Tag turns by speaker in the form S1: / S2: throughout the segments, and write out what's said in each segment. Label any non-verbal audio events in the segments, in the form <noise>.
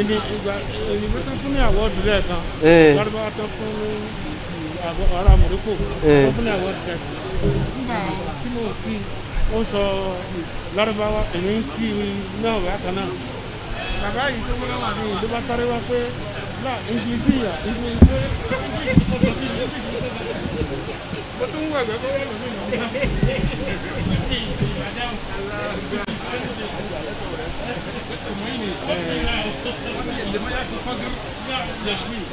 S1: èmi ìgbà èmi tó fún ní àwọ́ọ̀dù lẹ́ẹ̀kan
S2: lọ́dọ́bà tó fún ará Morocco tó fún ní àwọ́ọ̀dù lẹ́ẹ̀kan nígbà tí mo kí ó sọ lọ́dọ́bà èmi ń kí náà wá kan náà bàbá yìí tó wọ́n wà ní ìlú bá sáré wá pé là ìgbìsí yà ìgbìsí pé ìgbìsí tó sọ sí ìgbìsí tó
S1: sọ sí mo tún wọ̀ ẹ̀gbẹ́ fún ẹ̀gbẹ́ fún ìgbà اللي ما يعرف يصدر يشميه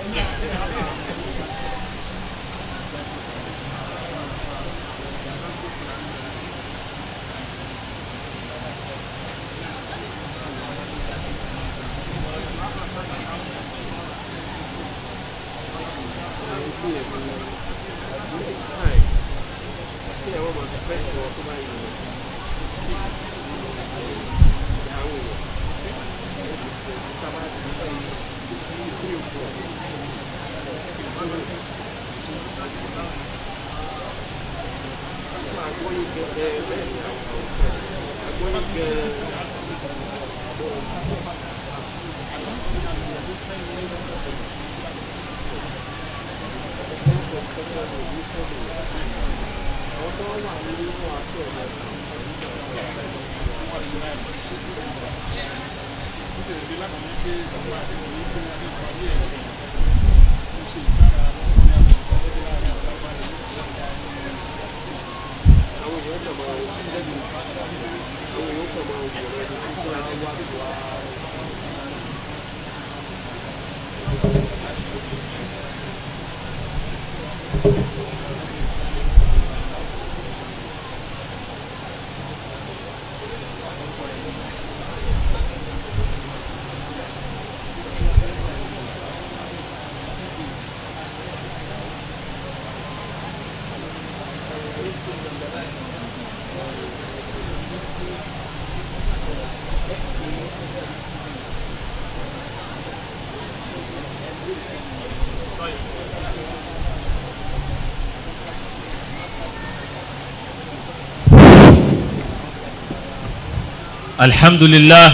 S3: الحمد لله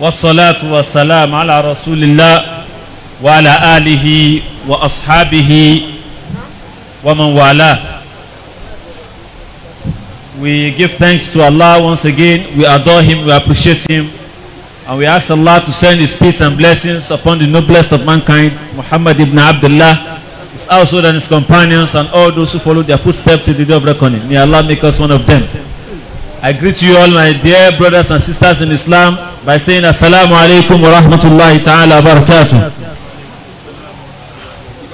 S3: والصلاة والسلام على رسول الله وعلى آله وأصحابه ومن man We give thanks to Allah once again. We adore Him. We appreciate Him. And we ask Allah to send His peace and blessings upon the noblest of mankind, Muhammad ibn Abdullah, his household and his companions, and all those who follow their footsteps to the day of reckoning. May Allah make us one of them. I greet you all my dear brothers and sisters in Islam by saying assalamu alaikum wa rahmatullahi ta'ala wa barakatuh.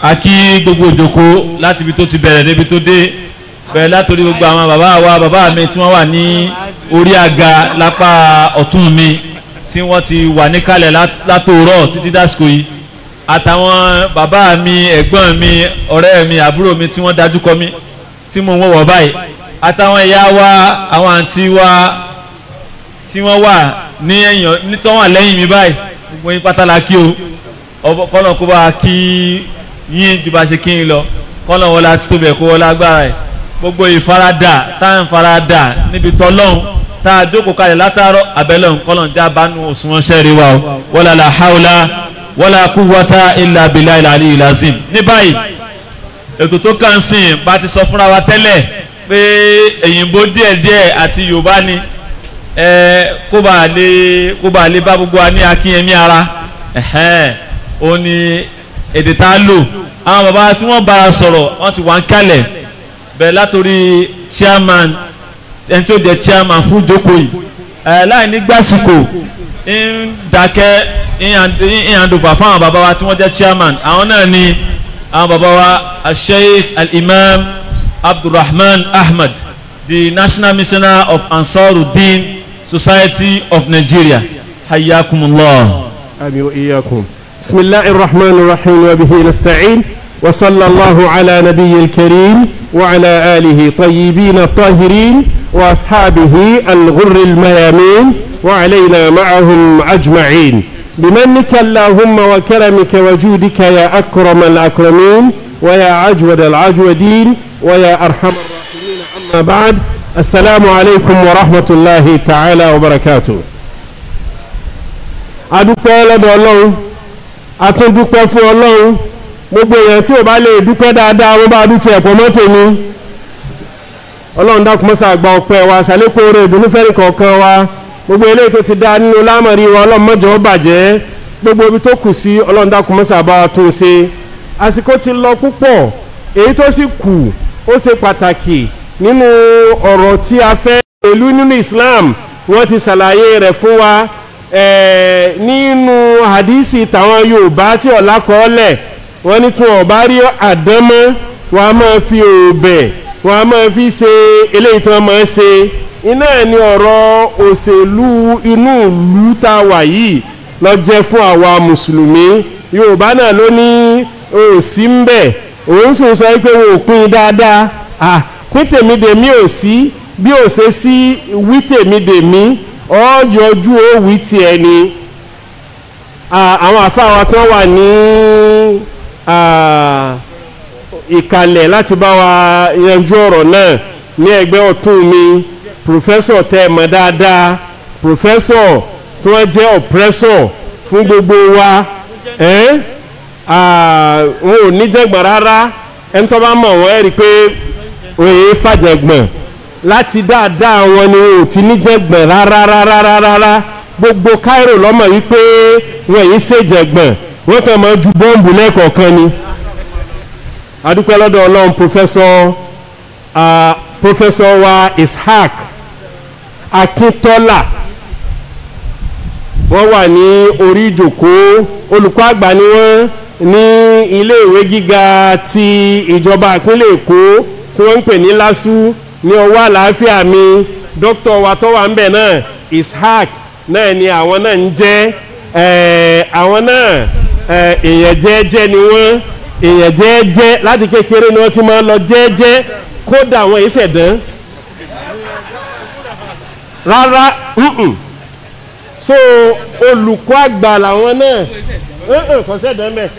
S3: A kí gbogbo ìjókòó láti ibi tó ti bẹ̀rẹ̀ débi tó dé bẹ̀rẹ̀ látòrí gbogbo àwọn bàbá wa bàbá mi tí wọ́n wà ní orí àga lápá ọ̀tún mi tí wọ́n ti wà níkàlẹ̀ látòrọ̀ títí dásìkò yìí àtàwọn bàbá mi ẹ̀gbọ́n mi ọ̀rẹ́ mi àbúrò mi tí wọ́n dájú kọ mi tí mo ń wọ̀wọ̀ báyìí àtàwọn ìyá wa àwọn àǹtí wa tí wọ́n wà ní ẹ̀yàn nítorí wọ́n lẹ́yìn mi báyìí gbogbo yín pátá la kí o kọ́nà kó bá kí yín ju bá ṣe kí yín lọ kọ́nà wọlé àti tóbi ẹ̀kọ́ wọlé agbára ẹ̀ gbogbo ìfaradà tá à ń faradà níbi tọ́lọ́hún tá a jókòó kalẹ̀ látàárọ̀ abẹ́lẹ̀ kọ́nà já bánú òṣùwọ̀n ṣẹ́rí wa o wala la haula wala quwwata illa billahi al-ali al-azim ní báyìí ètò tó kàn sí bá ti sọ fúnra wa tẹ́lẹ̀ pé èyìnbó díẹ̀díẹ̀ àti yorùbá ni ẹ kó bá a lè kó bá a lè bá gbogbo wa ní akínyẹmí ara ó ní èdè tá a lò àwọn bàbá tí wọ́n bára sọ̀rọ̀ wọ́n ti wà ń kalẹ̀ bẹ̀rẹ̀ látòrí chairman ẹni tí jẹ́ chairman fún ìjókòó yìí ẹ̀ láì ní gbàsìkò ń dákẹ́ ń handover fún àwọn bàbá wa tí wọ́n jẹ́ chairman àwọn náà ni àwọn bàbá wa Sheikh al-Imam. Abdurrahman Ahmad, the National Missioner of Ansaruddin Society of Nigeria. حياكم الله.
S2: آمين وإياكم.
S3: بسم الله الرحمن الرحيم وبه
S2: نستعين وصلى الله على نبي الكريم وعلى آله طيبين الطاهرين وأصحابه الغر الميامين وعلينا معهم أجمعين بمنك اللهم وكرمك وجودك يا أكرم الأكرمين ويا عجود العجودين ويا أرحم الراحمين عما بعد السلام عليكم ورحمة الله تعالى وبركاته adúpẹ́ lọ́dọ̀ ọlọ́run atúndúpẹ́ fún ọlọ́run gbogbo èèyàn tí ò bá lè dúpẹ́ dáadáa wọ́n bá dúti ẹ̀pọ̀ mọ́tò mi ọlọ́run dákúmọ́sá àgbà ọpẹ́ wa sàlékún oore ìdùnnú kọ̀ọ̀kan wa gbogbo eléyìí tó ti dá nínú lámọ̀rí wa ọlọ́run mọ́jọ́ ó bàjẹ́ gbogbo ibi tó kù sí ọlọ́run dákúmọ́sá bá wa ṣe àsìkò ti lọ púpọ̀ èyí tó sì kù ó ṣe pàtàkì nínú ọ̀rọ̀ tí a fẹ́ ìlú nínú Islam wọ́n ti ṣàlàyé rẹ̀ fún wa nínú hadisi tàwọn Yorùbá tí ọ̀la kọ́ọ́lẹ̀ wọ́n ní tún ọ̀bá rí àdánmọ́ wọ́n a máa fi òòbẹ̀ wọ́n a máa fi ṣe eléyìí tí wọ́n máa ṣe iná ni ọ̀rọ̀ òṣèlú inú ìlú tá a wà yìí lọ fún àwa mùsùlùmí Yorùbá náà ló ní òsínbẹ̀ òun sì sọ pé wọn ò pín in dáadáa à pín tèmídèmí ò sí bí ò ṣe sí wí tèmídèmí ọ yọjú ó wí tiẹ̀ ni àwọn àfáwa tó wà ní ìkàlẹ̀ láti bá wa yanjú ọ̀rọ̀ náà ní ẹgbẹ́ ọ̀tún mi pòfẹ́sọ̀ tẹ́ ẹ mọ̀ dáadáa pòfẹ́sọ̀ tó jẹ́ ọ̀pẹ́sọ̀ fún gbogbo wa. Eh? wọn ò ní jẹ̀gbọ̀n rárá ẹni tó bá mọ̀ wọ́n ẹ̀ rí i pé òye fàjẹ̀gbọ̀n láti dáadáa wọn ni wọn ò ti ní jẹ̀gbọ̀n rárá rárá rárá gbogbo Cairo lọ́mọ̀ yìí pé wọn yìí ṣèjẹ̀gbọ̀n wọn kàn máa ju bọ́ǹbù lẹ́ẹ̀kọ̀ọ̀kan ni adúpẹ́ lọ́dọ̀ ọlọ́run pòfẹ́sọ̀ pòfẹ́sọ̀ wa Ishaq Akíntọ́lá wọ́n wà ní orí ìjòkó olùkọ́ àgbà ni wọ́n. ní iléèwé gíga ti ìjọba ìpínlẹ̀ èkó tí wọ́n ń pè ní lásù ní ọwọ́ àlàáfíà mi dókítà wa tó náà ishaq náà ni àwọn náà ń jẹ́ àwọn náà èèyàn jẹ́ẹ́jẹ́ ni wọ́n èèyàn jẹ́ẹ́jẹ́ láti kékeré ni wọ́n ti máa ń lọ jẹ́ẹ́jẹ́ kódà rara ìṣẹ̀dán rárá so olùkọ́ àgbà làwọn náà Eh, eh, kò sẹ́dọ̀ ń bẹ̀.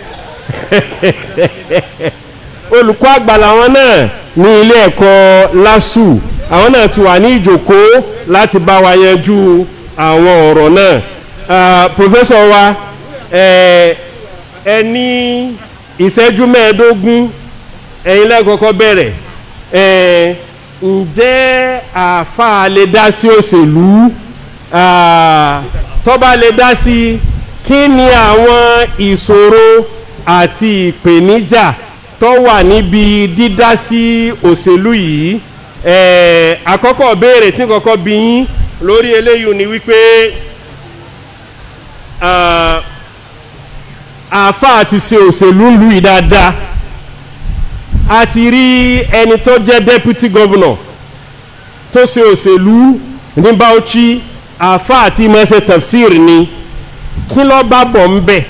S2: olùkọ́ àgbà làwọn náà ní ilé ẹ̀kọ́ LASU àwọn náà ti wà ní ìjókòó láti bá wa yanjú àwọn ọ̀rọ̀ náà pòfẹ́sọ̀ wa ẹ ní ìṣẹ́jú mẹ́ẹ̀ẹ́dógún ẹ̀yin lẹ́kọ̀ọ́kọ́ bẹ̀rẹ̀ ǹjẹ́ àáfàá lè dá sí òṣèlú tó lè dá sí. Si, kí ni àwọn ìṣòro àti ìpèníjà tó wà níbi dídá sí òṣèlú yìí ẹ̀ẹ́ àkọ́kọ́ béèrè tí kọ́kọ́ bí yín lórí eléyìí ni wípé àáfàá ti ṣe òṣèlú ń lu yìí a ti rí ẹni tó jẹ́ deputy governor tó ṣe òṣèlú ní Bauchi àáfàá ti máa tafsir ni kí ló bá bọ̀ ń bẹ̀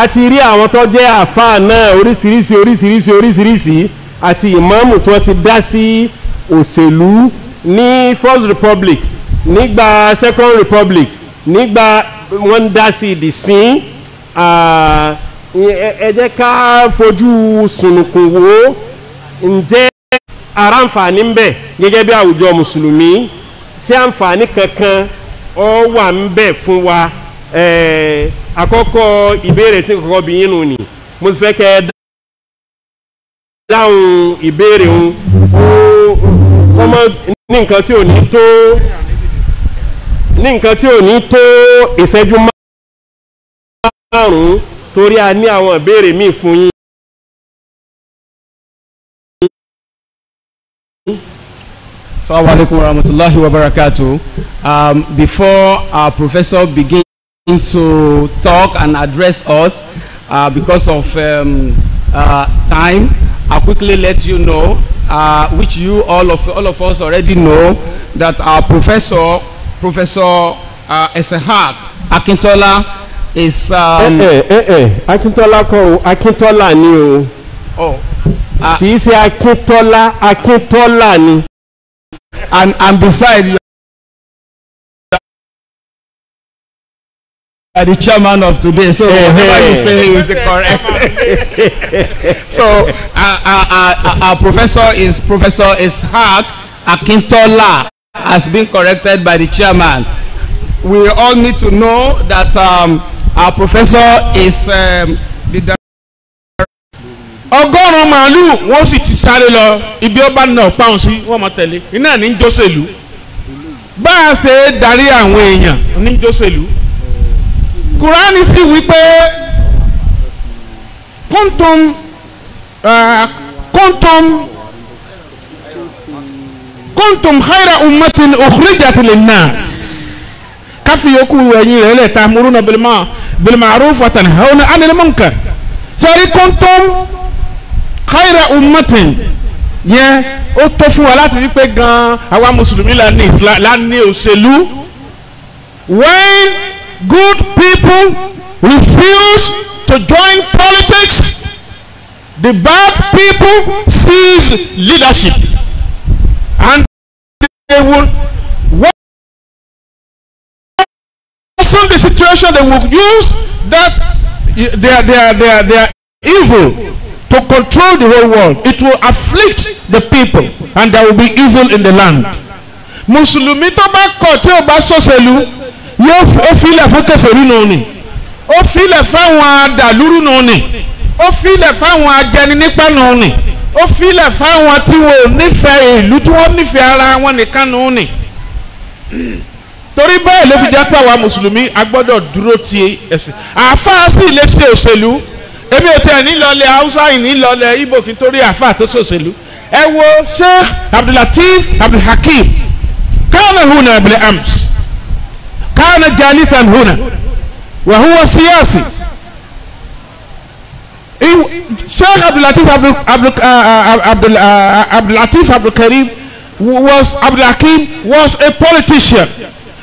S2: a ti rí àwọn tó jẹ́ àfáà náà oríṣiríṣi oríṣiríṣi oríṣiríṣi àti ìmáàmù tí ti dá sí òṣèlú ní first republic nígbà second republic nígbà wọ́n dá sí ìdìsín ẹ jẹ́ ká fojú sùnùkùn wò ǹjẹ́ ara ǹfààní ń bẹ̀ gẹ́gẹ́ bí àwùjọ mùsùlùmí ṣé àǹfààní kankan ó wà ń bẹ̀ fún wa. akoko ibere ti koko kọ́kọ́ bí ni mo fẹ́ kẹ́ ẹ dáhùn ìbéèrè òun wọ́n mọ́ ní nǹkan tí ò ní tó ní nǹkan tí ò ní tó
S4: ìṣẹ́jú márùn a Assalamu alaikum warahmatullahi wabarakatuh. Um, before our professor
S5: begin. to talk and address us uh, because of um, uh, time. I quickly let you know, uh, which you all of all of us already know, that our professor, Professor uh, Esehak Akintola, is. Um, eh, eh,
S2: eh, eh. Akintola ko, Akintola
S4: ni o. Oh. Uh, kì í ṣe Akintola Akintola ni. And and besides, are the chairman of today, so hey, whatever hey. you say is correct.
S5: <laughs> so our, our, our, our professor is Professor Ishaq Akintola has been corrected by the chairman. We all need to know that um, our professor is um, the ọgọ́rùn-ún màálùú wọ́n sì ti sáré lọ ibi ọba náà pàun sí wọ́n máa
S2: tẹ̀lé iná ní jọ́sẹ̀lú bá a ṣe darí àwọn èèyàn ní jọ́sẹ̀lú kùránì sì wípé kúntùm eh, kúntùm kúntùm khayra ummatin ukhrijat linnas káfí yòókù ẹ̀yìn rẹ̀ lẹ̀ ta'muruna bil ma'ruf wa tanhawna 'anil munkar sẹ́rí kúntùm khayra ummatin yẹn ó tó fún wa láti rí pé gan-an àwa mùsùlùmí la ní òṣèlú wẹ́n good people refuse to join politics
S4: the bad people seize leadership and they will worsen the situation they will use that their their their their evil
S2: to control the whole world it will afflict the people and there will be evil in the land mùsùlùmí tó bá kọ̀ tí ò bá ṣòṣèlú yóò ó filẹ̀ fún kèfèrí nù ni ó filẹ̀ fáwọn adàlúrú nù ni ó filẹ̀ fáwọn ajẹninípa nù ni ó filẹ̀ fáwọn tí wọn ò nífẹ̀ẹ́ ìlú tí wọ́n nífẹ̀ẹ́ ara wọn nìkan nù ni torí bẹ́ẹ̀ ló fi jẹ́ pé àwa mùsùlùmí a gbọ́dọ̀ dúró ti ẹ̀sìn àáfàá sì lè ṣe òṣèlú èmi ò tẹ̀ nílọlẹ̀ haúsá ìnílọlẹ̀ ibo kí n torí àáfàá tó ṣe òṣèlú ẹ wo sheikh abdulateef abdulhakeem kánà hùnà abdulhams كان جالسا هنا وهو سياسي Sheikh Abdul Latif Abdul uh, uh, Abdul uh, Abdul uh, Abdul Latif Abdul Karim was Abdul Hakim was a politician,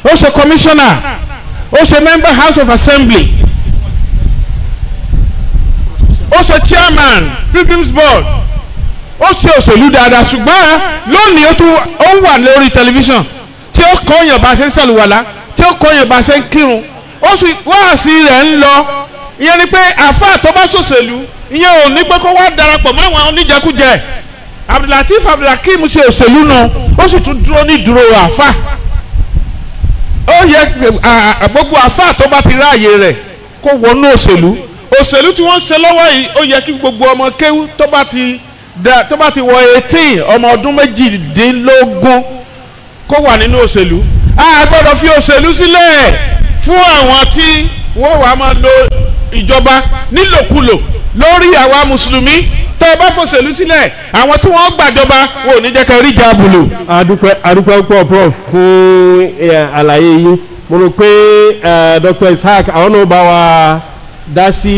S2: also commissioner, also member House of Assembly, also chairman Pilgrim's Board, also òṣèlú dáadáa ṣùgbọ́n lónìí ó tún ó wà lórí tẹlifíṣàn tí ó kọ́ yàn bá ṣe ń ṣàlùwàlá tí ó kọ́ yorùbá ṣe ń kírun ó sì wáàsí rẹ̀ ń lọ ìyẹn ni pé àáfàá tó bá ṣòṣèlú ìyẹn ò ní pé kó wá darapọ̀ mọ́ àwọn oníjẹkújẹ abdulateef abdulhakeem ṣe òṣèlú nu ó sì tún dúró ní ìdúró àáfàá ó yẹ gbogbo àáfàá tó bá ti ráàyè rẹ̀ kó wọnú òṣèlú òṣèlú tí wọ́n ń ṣe lọ́wọ́ yìí ó yẹ kí gbogbo ọmọ kéwú tó bá ti da tó bá ti wọ eighteen ọmọ ọdún méjìdínlógún kó wà nínú òṣèlú a gbọ́dọ̀ fi òṣèlú sílẹ̀ fún àwọn tí wọ́n wàá máa lo ìjọba nílòkulò lórí àwa mùsùlùmí tẹ́ ẹ bá fòṣèlú sílẹ̀ àwọn tí wọ́n gbàjọba wọn ò ní jẹ́ kẹ́ rí jáàbù lò. adúpẹ́ adúpẹ́ púpọ̀ prof fún àlàyé yìí mo rò pé dr ishaq àwọn náà bá wa dá sí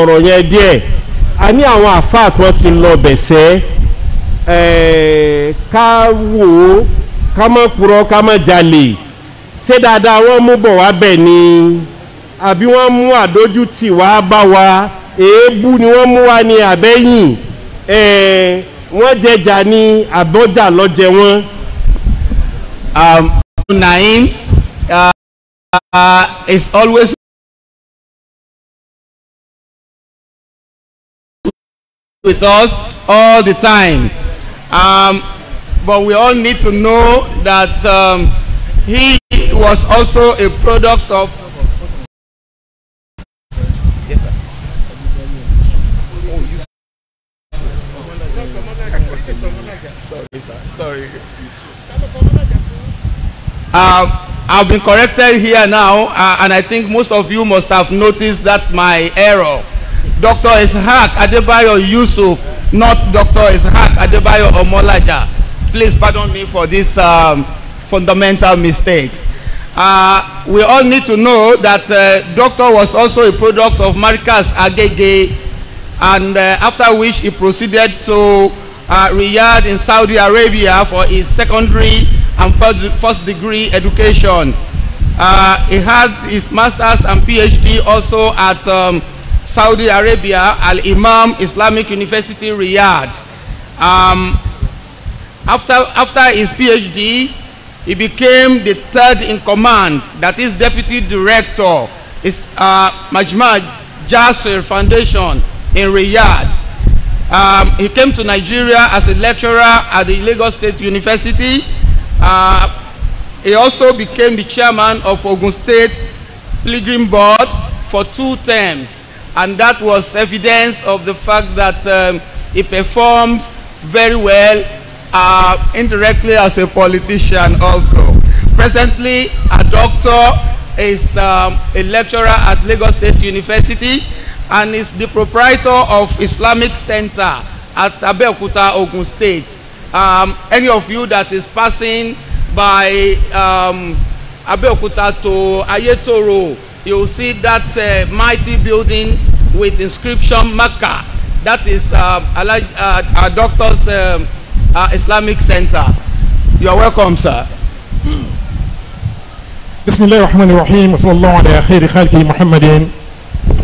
S2: ọ̀rọ̀ yẹn díẹ̀ a ní àwọn àfáà tí wọ́n ti lọ bẹ̀sẹ̀ ká wò ó ká má purọ́ ká má jalè ṣé dáadáa wọ́n mú bọ̀ wá bẹ̀ ni àbí wọ́n mú àdójútì wá bá wa èébú ni wọ́n mú wá ní àbẹ́yìn wọ́n jẹjà ní àbọ́jà lọ́jẹ wọn.
S4: Um, Naim uh, uh, is always with us all the time. Um, but we all
S5: need to know that um, he was also a product of sorry. Uh, I've been corrected here now, uh, and I think most of you must have noticed that my error. Dr. Ishaq Adebayo Yusuf, not Dr. Ishaq Adebayo Omolaja please pardon me for this um, fundamental mistake. Uh, we all need to know that uh, Doctor was also a product of Marcus Agege, and uh, after which he proceeded to uh, Riyadh in Saudi Arabia for his secondary and first degree education. Uh, he had his master's and PhD also at um, Saudi Arabia, Al Imam Islamic University, Riyadh. Um, after, after his PhD, he became the third in command, that is deputy director, is uh, Majma Jasser Foundation in Riyadh. Um, he came to Nigeria as a lecturer at the Lagos State University. Uh, he also became the chairman of Ogun State Pilgrim Board for two terms, and that was evidence of the fact that um, he performed very well uh, indirectly as a politician also. Presently, a doctor is um, a lecturer at Lagos State University and is the proprietor of Islamic Center at Abeokuta, Ogun State. Um, any of you that is passing by um, Abeokuta to Ayetoro, you will see that uh, mighty building with inscription Makkah. That is uh, a, uh, a doctor's um, uh, Islamic Center. You are welcome, sir.
S2: بسم الله الرحمن الرحيم وصلى الله على خير خلقه محمد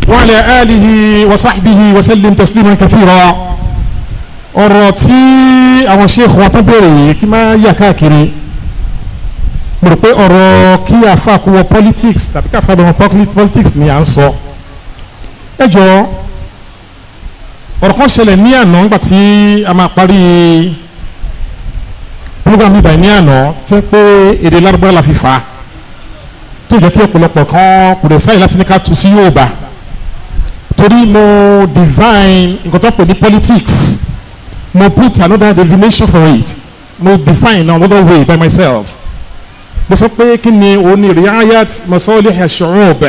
S2: وعلى آله وصحبه وسلم تسليما كثيرا ọ̀rọ̀ àwọn sheikh wa tán bẹ̀rẹ̀ yìí kí máa yà káàkiri mo rò pé ọ̀rọ̀ kí àfa kó wọ politics tàbí káfa bẹ̀rẹ̀ politics ni à ń sọ ẹ jọ ọ̀rọ̀ kan ṣẹlẹ̀ ní àná nígbà tí a máa parí program ibà ní àná tí ń pé èdè lárúbáwá la fi fà á tó jẹ́ kí ọ̀pọ̀lọpọ̀ kan kò lè sáyè láti ní ká tu sí Yorùbá torí mo define nǹkan tó pè ní politics mo put another definition for it mo define another way by myself mo sọ pé kí ni òun ni riayat masolih ash-shu'ub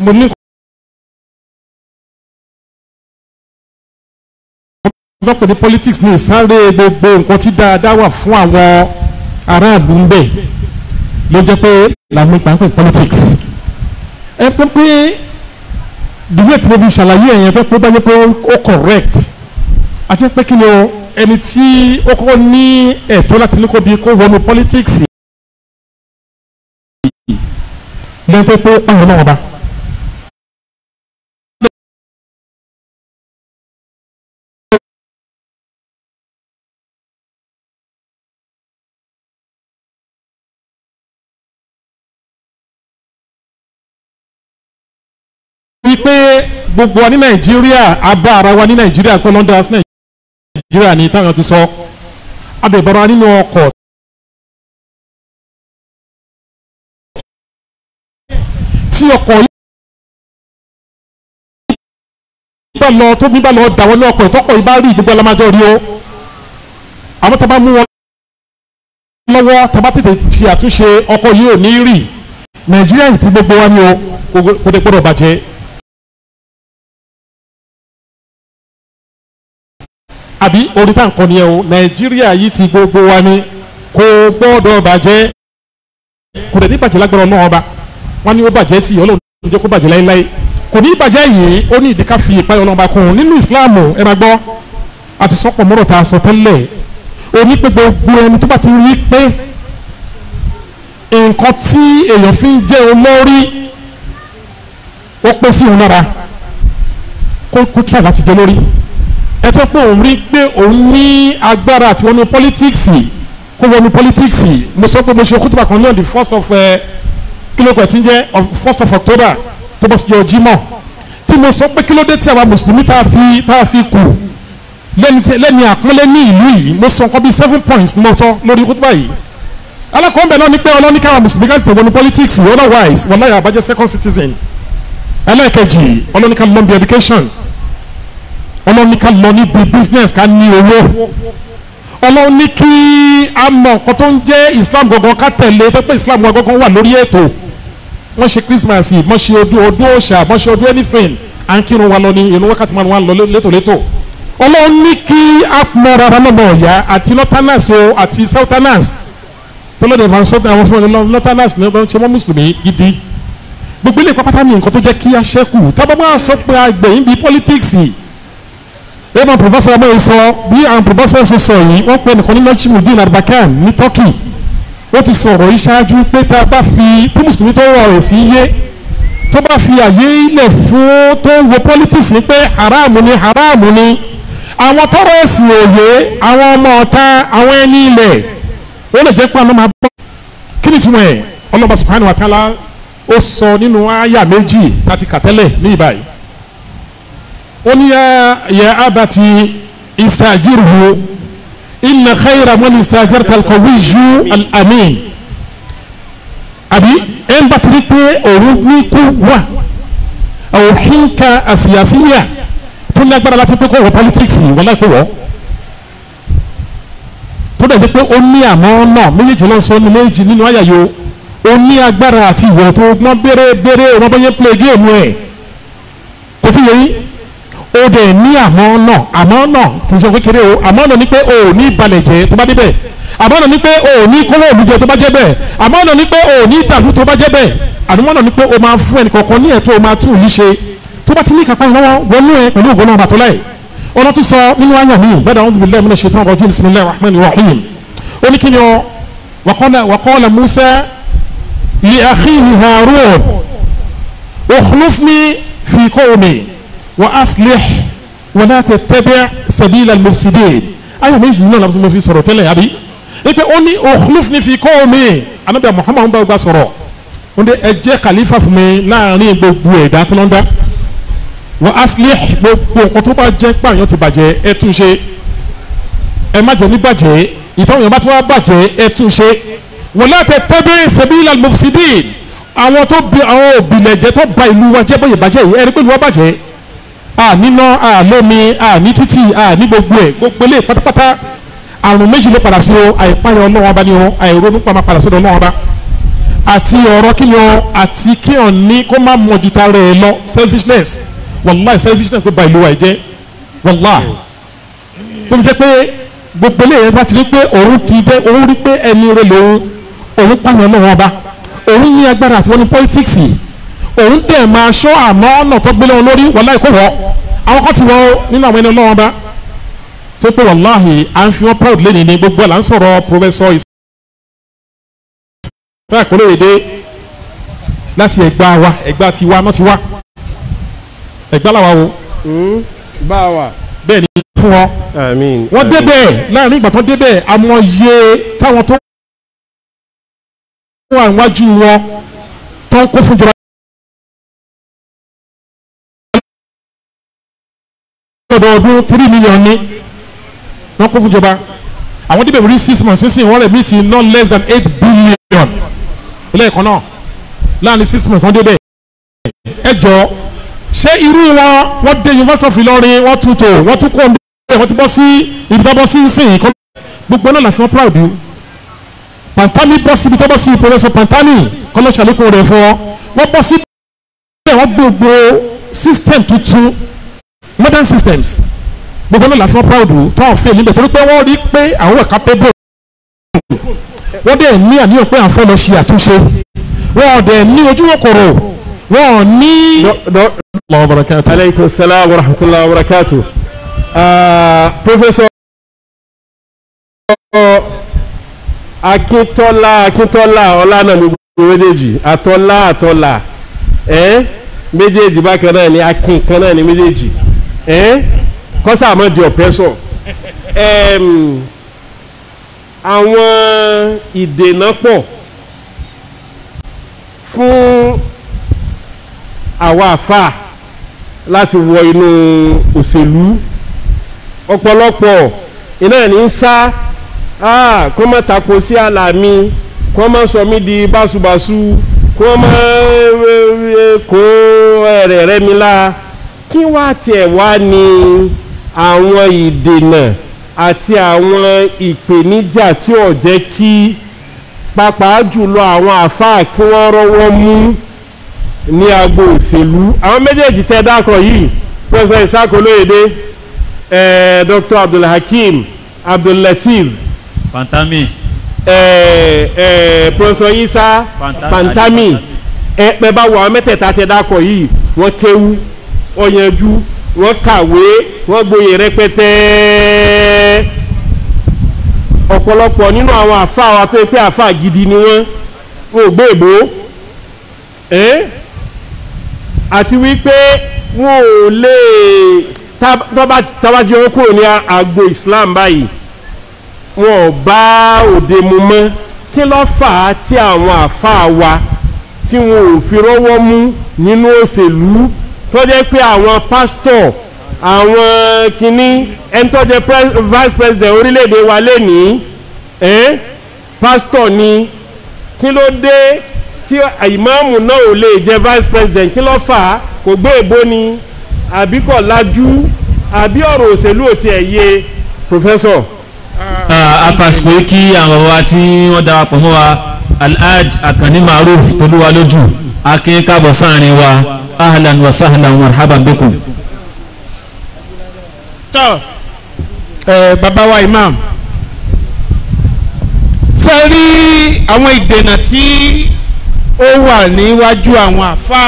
S4: mo ní. lọ́pọ̀ ní politics ní ìsáré gbogbo nǹkan tí dáadáa wà fún àwọn aráàlú ń bẹ̀ ló jẹ́ pé
S2: làwọn ìgbà ń pè politics. ẹ pé pé the way tí mo fi ṣàlàyé ẹ̀yẹn fẹ́ pé báyẹn pé ó correct àti pé kí ni ẹni tí
S4: ó kọ́kọ́ ní ẹ̀tọ́ láti ní kó di kó wọnú politics lẹ́yìn tó pé ó pààrọ̀ náà wọ́n bá. gbogbo wa ní nàìjíríà abá ara wa ní nàìjíríà pé london house nàìjíríà ni táwọn ti sọ adébọ̀rọ̀ nínú ọkọ̀ tí ọkọ̀ yìí bá lọ tó bí bá lọ dà wọ́n ní ọkọ̀ ìtọ́kọ̀ yìí bá rí gbogbo alámájọ́ rí o
S2: àwọn tá a bá mú wọn lọ́wọ́ tá bá tètè ṣe àtúnṣe ọkọ̀ yìí ò ní
S4: rì nàìjíríà yìí ti gbogbo wa ni o kò dé gbọ́dọ̀ bàjẹ́. àbí orin tá à ń kọ nìyẹn o nàìjíríà yìí ti gbogbo wa ni kò gbọ́dọ̀ bàjẹ́ kò dẹ̀ ní
S2: bàjẹ́ lágbára ọlọ́run ọba wọn ni ó bàjẹ́ tí ọlọ́run ló jẹ́ kó bàjẹ́ láéláé kò ní bàjẹ́ yìí ó ní ìdíkà fi ìpáyọ̀ ọlọ́run ọba kún un nínú ìsìláàmù ẹ máa gbọ́ àti sọ́kọ̀ mọ́rọ̀ tá sọ tẹ́lẹ̀ o ní pé gbogbo ẹni tó bá ti rí pé nǹkan tí èèyàn fi ń jẹ́ olórí ó pé sí òun lára kó kó tíra láti jẹ́ lórí ẹ tó pé òun rí pé òun ní agbára àti wọnú politics kó wọnú politics mo sọ pé mo ṣe kútùbà kan ní on the first of eh, kílódé ẹ̀ tí ń jẹ́ first of October tó bọ́ sí jọ Jímọ̀ tí mo sọ pé kílódé tí àwa mùsùlùmí tá a fi tá a fi kù lẹ́ni àpọ́nlé ní ìlú yìí mo sọ nǹkan bíi seven points ni mo sọ lórí kútùbà yìí alákọ̀ọ́bẹ̀ náà ni pé ọlọ́ni káwa mùsùlùmí ká ti tẹ̀wọ́nu politics otherwise wàláyà àbájẹ́ second citizen ẹlẹ́ẹ̀kejì ọlọ́ni ká lọ́n bí education ọlọ́run ní ká lọ níbi business ká ní owó ọlọ́run ní kí a mọ nǹkan tó ń jẹ́ islam gangan ká tẹ̀lé tó pé islam gangan wà lórí ètò wọ́n ṣe christmas yìí wọ́n ṣe ọdún ọdún òòṣà wọ́n ṣe ọdún anything à ń kírun wa lọ ní ìrun wákàtí márùn wa lọ létòlétò ọlọ́run ní kí a mọ rárá lọ́mọ ọ̀yá àti northerners o àti southerners tọ́lọ́dẹ̀ van sọ́tẹ̀ àwọn fúnra lọ́wọ́ northerners ní ọdún ṣe mọ́ mùsùlùmí gidi gbogbo ilé ìpapátá ni nǹkan tó jẹ́ kí a ṣẹ́kù tábàbà sọ pé àgbẹ̀yìn bíi politics ẹ máa professor amáyé sọ bí àwọn professor ṣe sọ yìí wọ́n pè nìkan ní Najimudin Arbakan ní Turkey ó ti sọ̀rọ̀ yìí ṣáájú pé tá a bá fi tí mùsùlùmí tó wà rẹ̀ sí yé tó bá fi àyè ilẹ̀ fún tó ń wo politics ní pé haramu ni haramu ni àwọn tọrọ ẹ̀sìn òye àwọn ọmọ ọ̀tá àwọn ẹni ilẹ̀ ó lè jẹ́ pé àwọn máa bọ́ kí ni túmọ̀ ẹ̀ ọlọ́ba subhanahu wa ta'ala ó sọ nínú àyà méjì tá a ti kà tẹ́lẹ̀ ní ìbáyìí ó ní yẹ abati istajirhu inna khayra man istajarta al-qawiyyu al-amin àbí ẹ̀ ń bá ti rí pé òun ní kú wà àwọn hinka àsìyàsíyà tó lágbára láti pé kó wọ politics wọn láì pé wọ́ tó dẹ̀ jẹ́ pé ó ní àmọ́ náà méjèèjì náà sọ ní méjì nínú àyàyò ó ní agbára àti ìwọ̀ tó gbọ́n bérebére wọn play game ẹ̀ kò tí yẹ ó dẹ̀ ní àmọ́ náà àmọ́ náà kì í ṣe kékeré o àmọ́ náà ni pé o ò ní balẹ̀ jẹ́ tó bá débẹ̀ àmọ́ náà ni pé o ò ní kọ́wọ́ òmùjẹ tó bá jẹ́ bẹ́ẹ̀ àmọ́ náà ni pé o ò ní dàlú tó bá jẹ́ bẹ́ẹ̀ àmọ́ náà ni pé o máa fún ẹnìkọ̀ọ̀kan ní ẹ̀tọ́ o máa tún òní ṣe tó bá ti ní kápá ìlọ́wọ́ wọnú ẹ pẹ̀lú ògbóná ọba tó láì وأصلح ولا تتبع سبيل المفسدين أيها ميجي نونا لابس مفي سورو تلي أبي ipe ó ní òkúlùfínì fi kọ́ mi anábẹ́ muhammadu bá gba sọ̀rọ̀ wọ́n dé ẹjẹ́ khalifa fún mi láàrin gbogbo ẹ̀dá tó lọ́ndà wọ́n asilẹ̀ gbogbo nǹkan tó bá jẹ́ pààyàn ti bàjẹ́ ẹ tún ṣe ẹ má jẹ́ ní bàjẹ́ ìtọ́wọ̀n bá tún wá bàjẹ́ ẹ tún ṣe wọ́n láti tẹ́bí sẹ́bílà mufsidin àwọn tó bi àwọn òbílẹ̀ jẹ́ tó ba ìlú wa jẹ́ bóyá bàjẹ́ yìí ẹ rí pé ìlú wa bàjẹ́ àníná àlómi àní títì àní gbogbo ẹ̀ gbogbo ilé pátápátá àrùn méjì ló padà sí o àìpáyọ ọlọ́wọ́n ọba ni o àìrónú pa máa padà sọ́dọ̀ ọlọ́wọ́n ọba àti ọ̀rọ̀ kí ni o àti kí ọ̀ ní kó má mọ̀ ju tara ẹ̀ lọ selfishness wàláì selfishness ló ba ìlú wa jẹ́ wàláì tó ń jẹ́ pé gbogbo ilé yẹn bá ti rí pé òun ti dé òun rí pé ẹni rẹ lòun òun pààyàn ọlọ́wọ́n ọba òun ní agbára àti wọn ní politics yìí òun dẹ̀ máa ṣọ́ àmọ́ ọ̀nà tó gbélé wọn lórí wàláì kó wọ́ àwọn kan ti wọ́ nínú àwọn ẹni ọlọ́wọ́n bá tó pé wàláhì à ń fi wọn proud lẹ́nìí ní gbogbo àlà ń sọ̀rọ̀ professor ìsìn àkọlé èdè láti ẹ̀gbá wa ẹ̀gbá ti wa náà ti wa ẹ̀gbá làwa o. Hmm? bá a wà. bẹ́ẹ̀ ni fún wọn. wọ́n débẹ̀ láàrin ìgbà tó
S4: débẹ̀ amọ̀ye táwọn tó wà níwájú wọn tó ń kó fún jọra ọdọọdún three million ní wọ́n kó fúnjọba
S2: àwọn dìbò rí six months sísìn wọ́n rẹ̀ mí ti not less than eight billion lẹ́ẹ̀kan náà láàrin six months wọ́n débẹ̀ ẹ jọ ṣé irú wọn wọ́n dé University of Ìlọrin wọ́n tún tò wọ́n tún kọ́ ọ́n bẹ́ẹ̀ wọ́n ti bọ́ sí ibi tó bọ́ sí sìn kọ́ gbogbo náà làfi wọ́n proud you Pantami bọ́ síbi tó bọ́ sí Professor Pantami kọ́lọ́ṣàlékún rẹ̀ fún ọ wọ́n bọ́ sí bẹ́ẹ̀ wọ́n gbogbo system tuntun modern systems gbogbo náà làfihàn proud o tó àwọn fail níbẹ̀ torí pé wọ́n rí pé àwọn ẹ̀ka pé bò wọ́n dẹ̀ ní àníyàn pé àfẹ́ lọ ṣe àtúnṣe wọ́n dẹ̀ ní ojú kòkòrò wọ́n ní. Allahu barakatu. aleykum salaam wa rahmatulah wa barakatu. Uh, professor akíntola akíntola ọlànà mi gbogbo méjèèjì àtọlá àtọlà ẹ méjèèjì bákan náà ni akin kan náà ni méjèèjì. Eh? kọ́sà àmọ́ di oppression àwọn ìdènà pọ̀ fún àwa àfáà láti wọ inú òṣèlú ọ̀pọ̀lọpọ̀ iná ní ń sá ah, kọ́ mọ́ tako sí àlà mi kọ́ mọ́ sọ mí di báṣubàṣu kọ́ mọ́ eh, eh, kó ẹ̀rẹ̀ rẹ́ mi láà kí wá tiẹ̀ wá ní àwọn ìdènà àti àwọn ìpèníjà tí ò jẹ́ kí pàápàá jùlọ àwọn àfáà kí wọ́n rọ́wọ́ mú ní agbo òṣèlú àwọn méjèèjì tẹ́ dákọ̀ yìí pẹ́sẹ̀ ìsákò lóyèdè eh, Dr. Abdulhakeem Abdullateef Pantami eh, eh, Professor Isa Pantami ẹ pẹ́ bá wọ àwọn mẹ́tẹ̀ẹ̀ta tẹ́ dákọ̀ yìí wọ́n kéwú ọ̀yànjú wọ́n kàwé wọ́n gboyè rẹpẹtẹ ọ̀pọ̀lọpọ̀ nínú àwọn àfa wa tó yẹ pé àfa gidi ni wọ́n wọn ò gbé èbó àti wípé wọn ò lè tábàjì wọn kúrò ní àgbo Islam báyìí wọn ò bá òde mu mọ́ kí ló fà á tí àwọn àfa wa tí wọn ò fi rọ́wọ́ mú nínú òṣèlú. No tó jẹ́ pé àwọn pásítọ̀ àwọn kìíní ẹni tó jẹ́ vice president orílẹ̀-èdè wa lénìí ẹ́ pásítọ̀ ni kí ló dé tí ìmáàmù náà ò lè jẹ́ vice president kí ló fà á kò gbé èbó ni àbí kò lajú àbí ọ̀rọ̀ òṣèlú ò tiẹ̀ yé professor.
S3: afasiko ah, kí àwọn bàbá tí wọ́n darapọ̀ mọ́ wa alhaj akànni maruf tolúwa lójú akéka bọ̀ sáàrin wa ahlan wa sahlan wa marhaban bikum.
S2: tọ́ ẹ bàbá wa imam ṣe rí àwọn ìdènà tí ó wà níwájú àwọn àfáà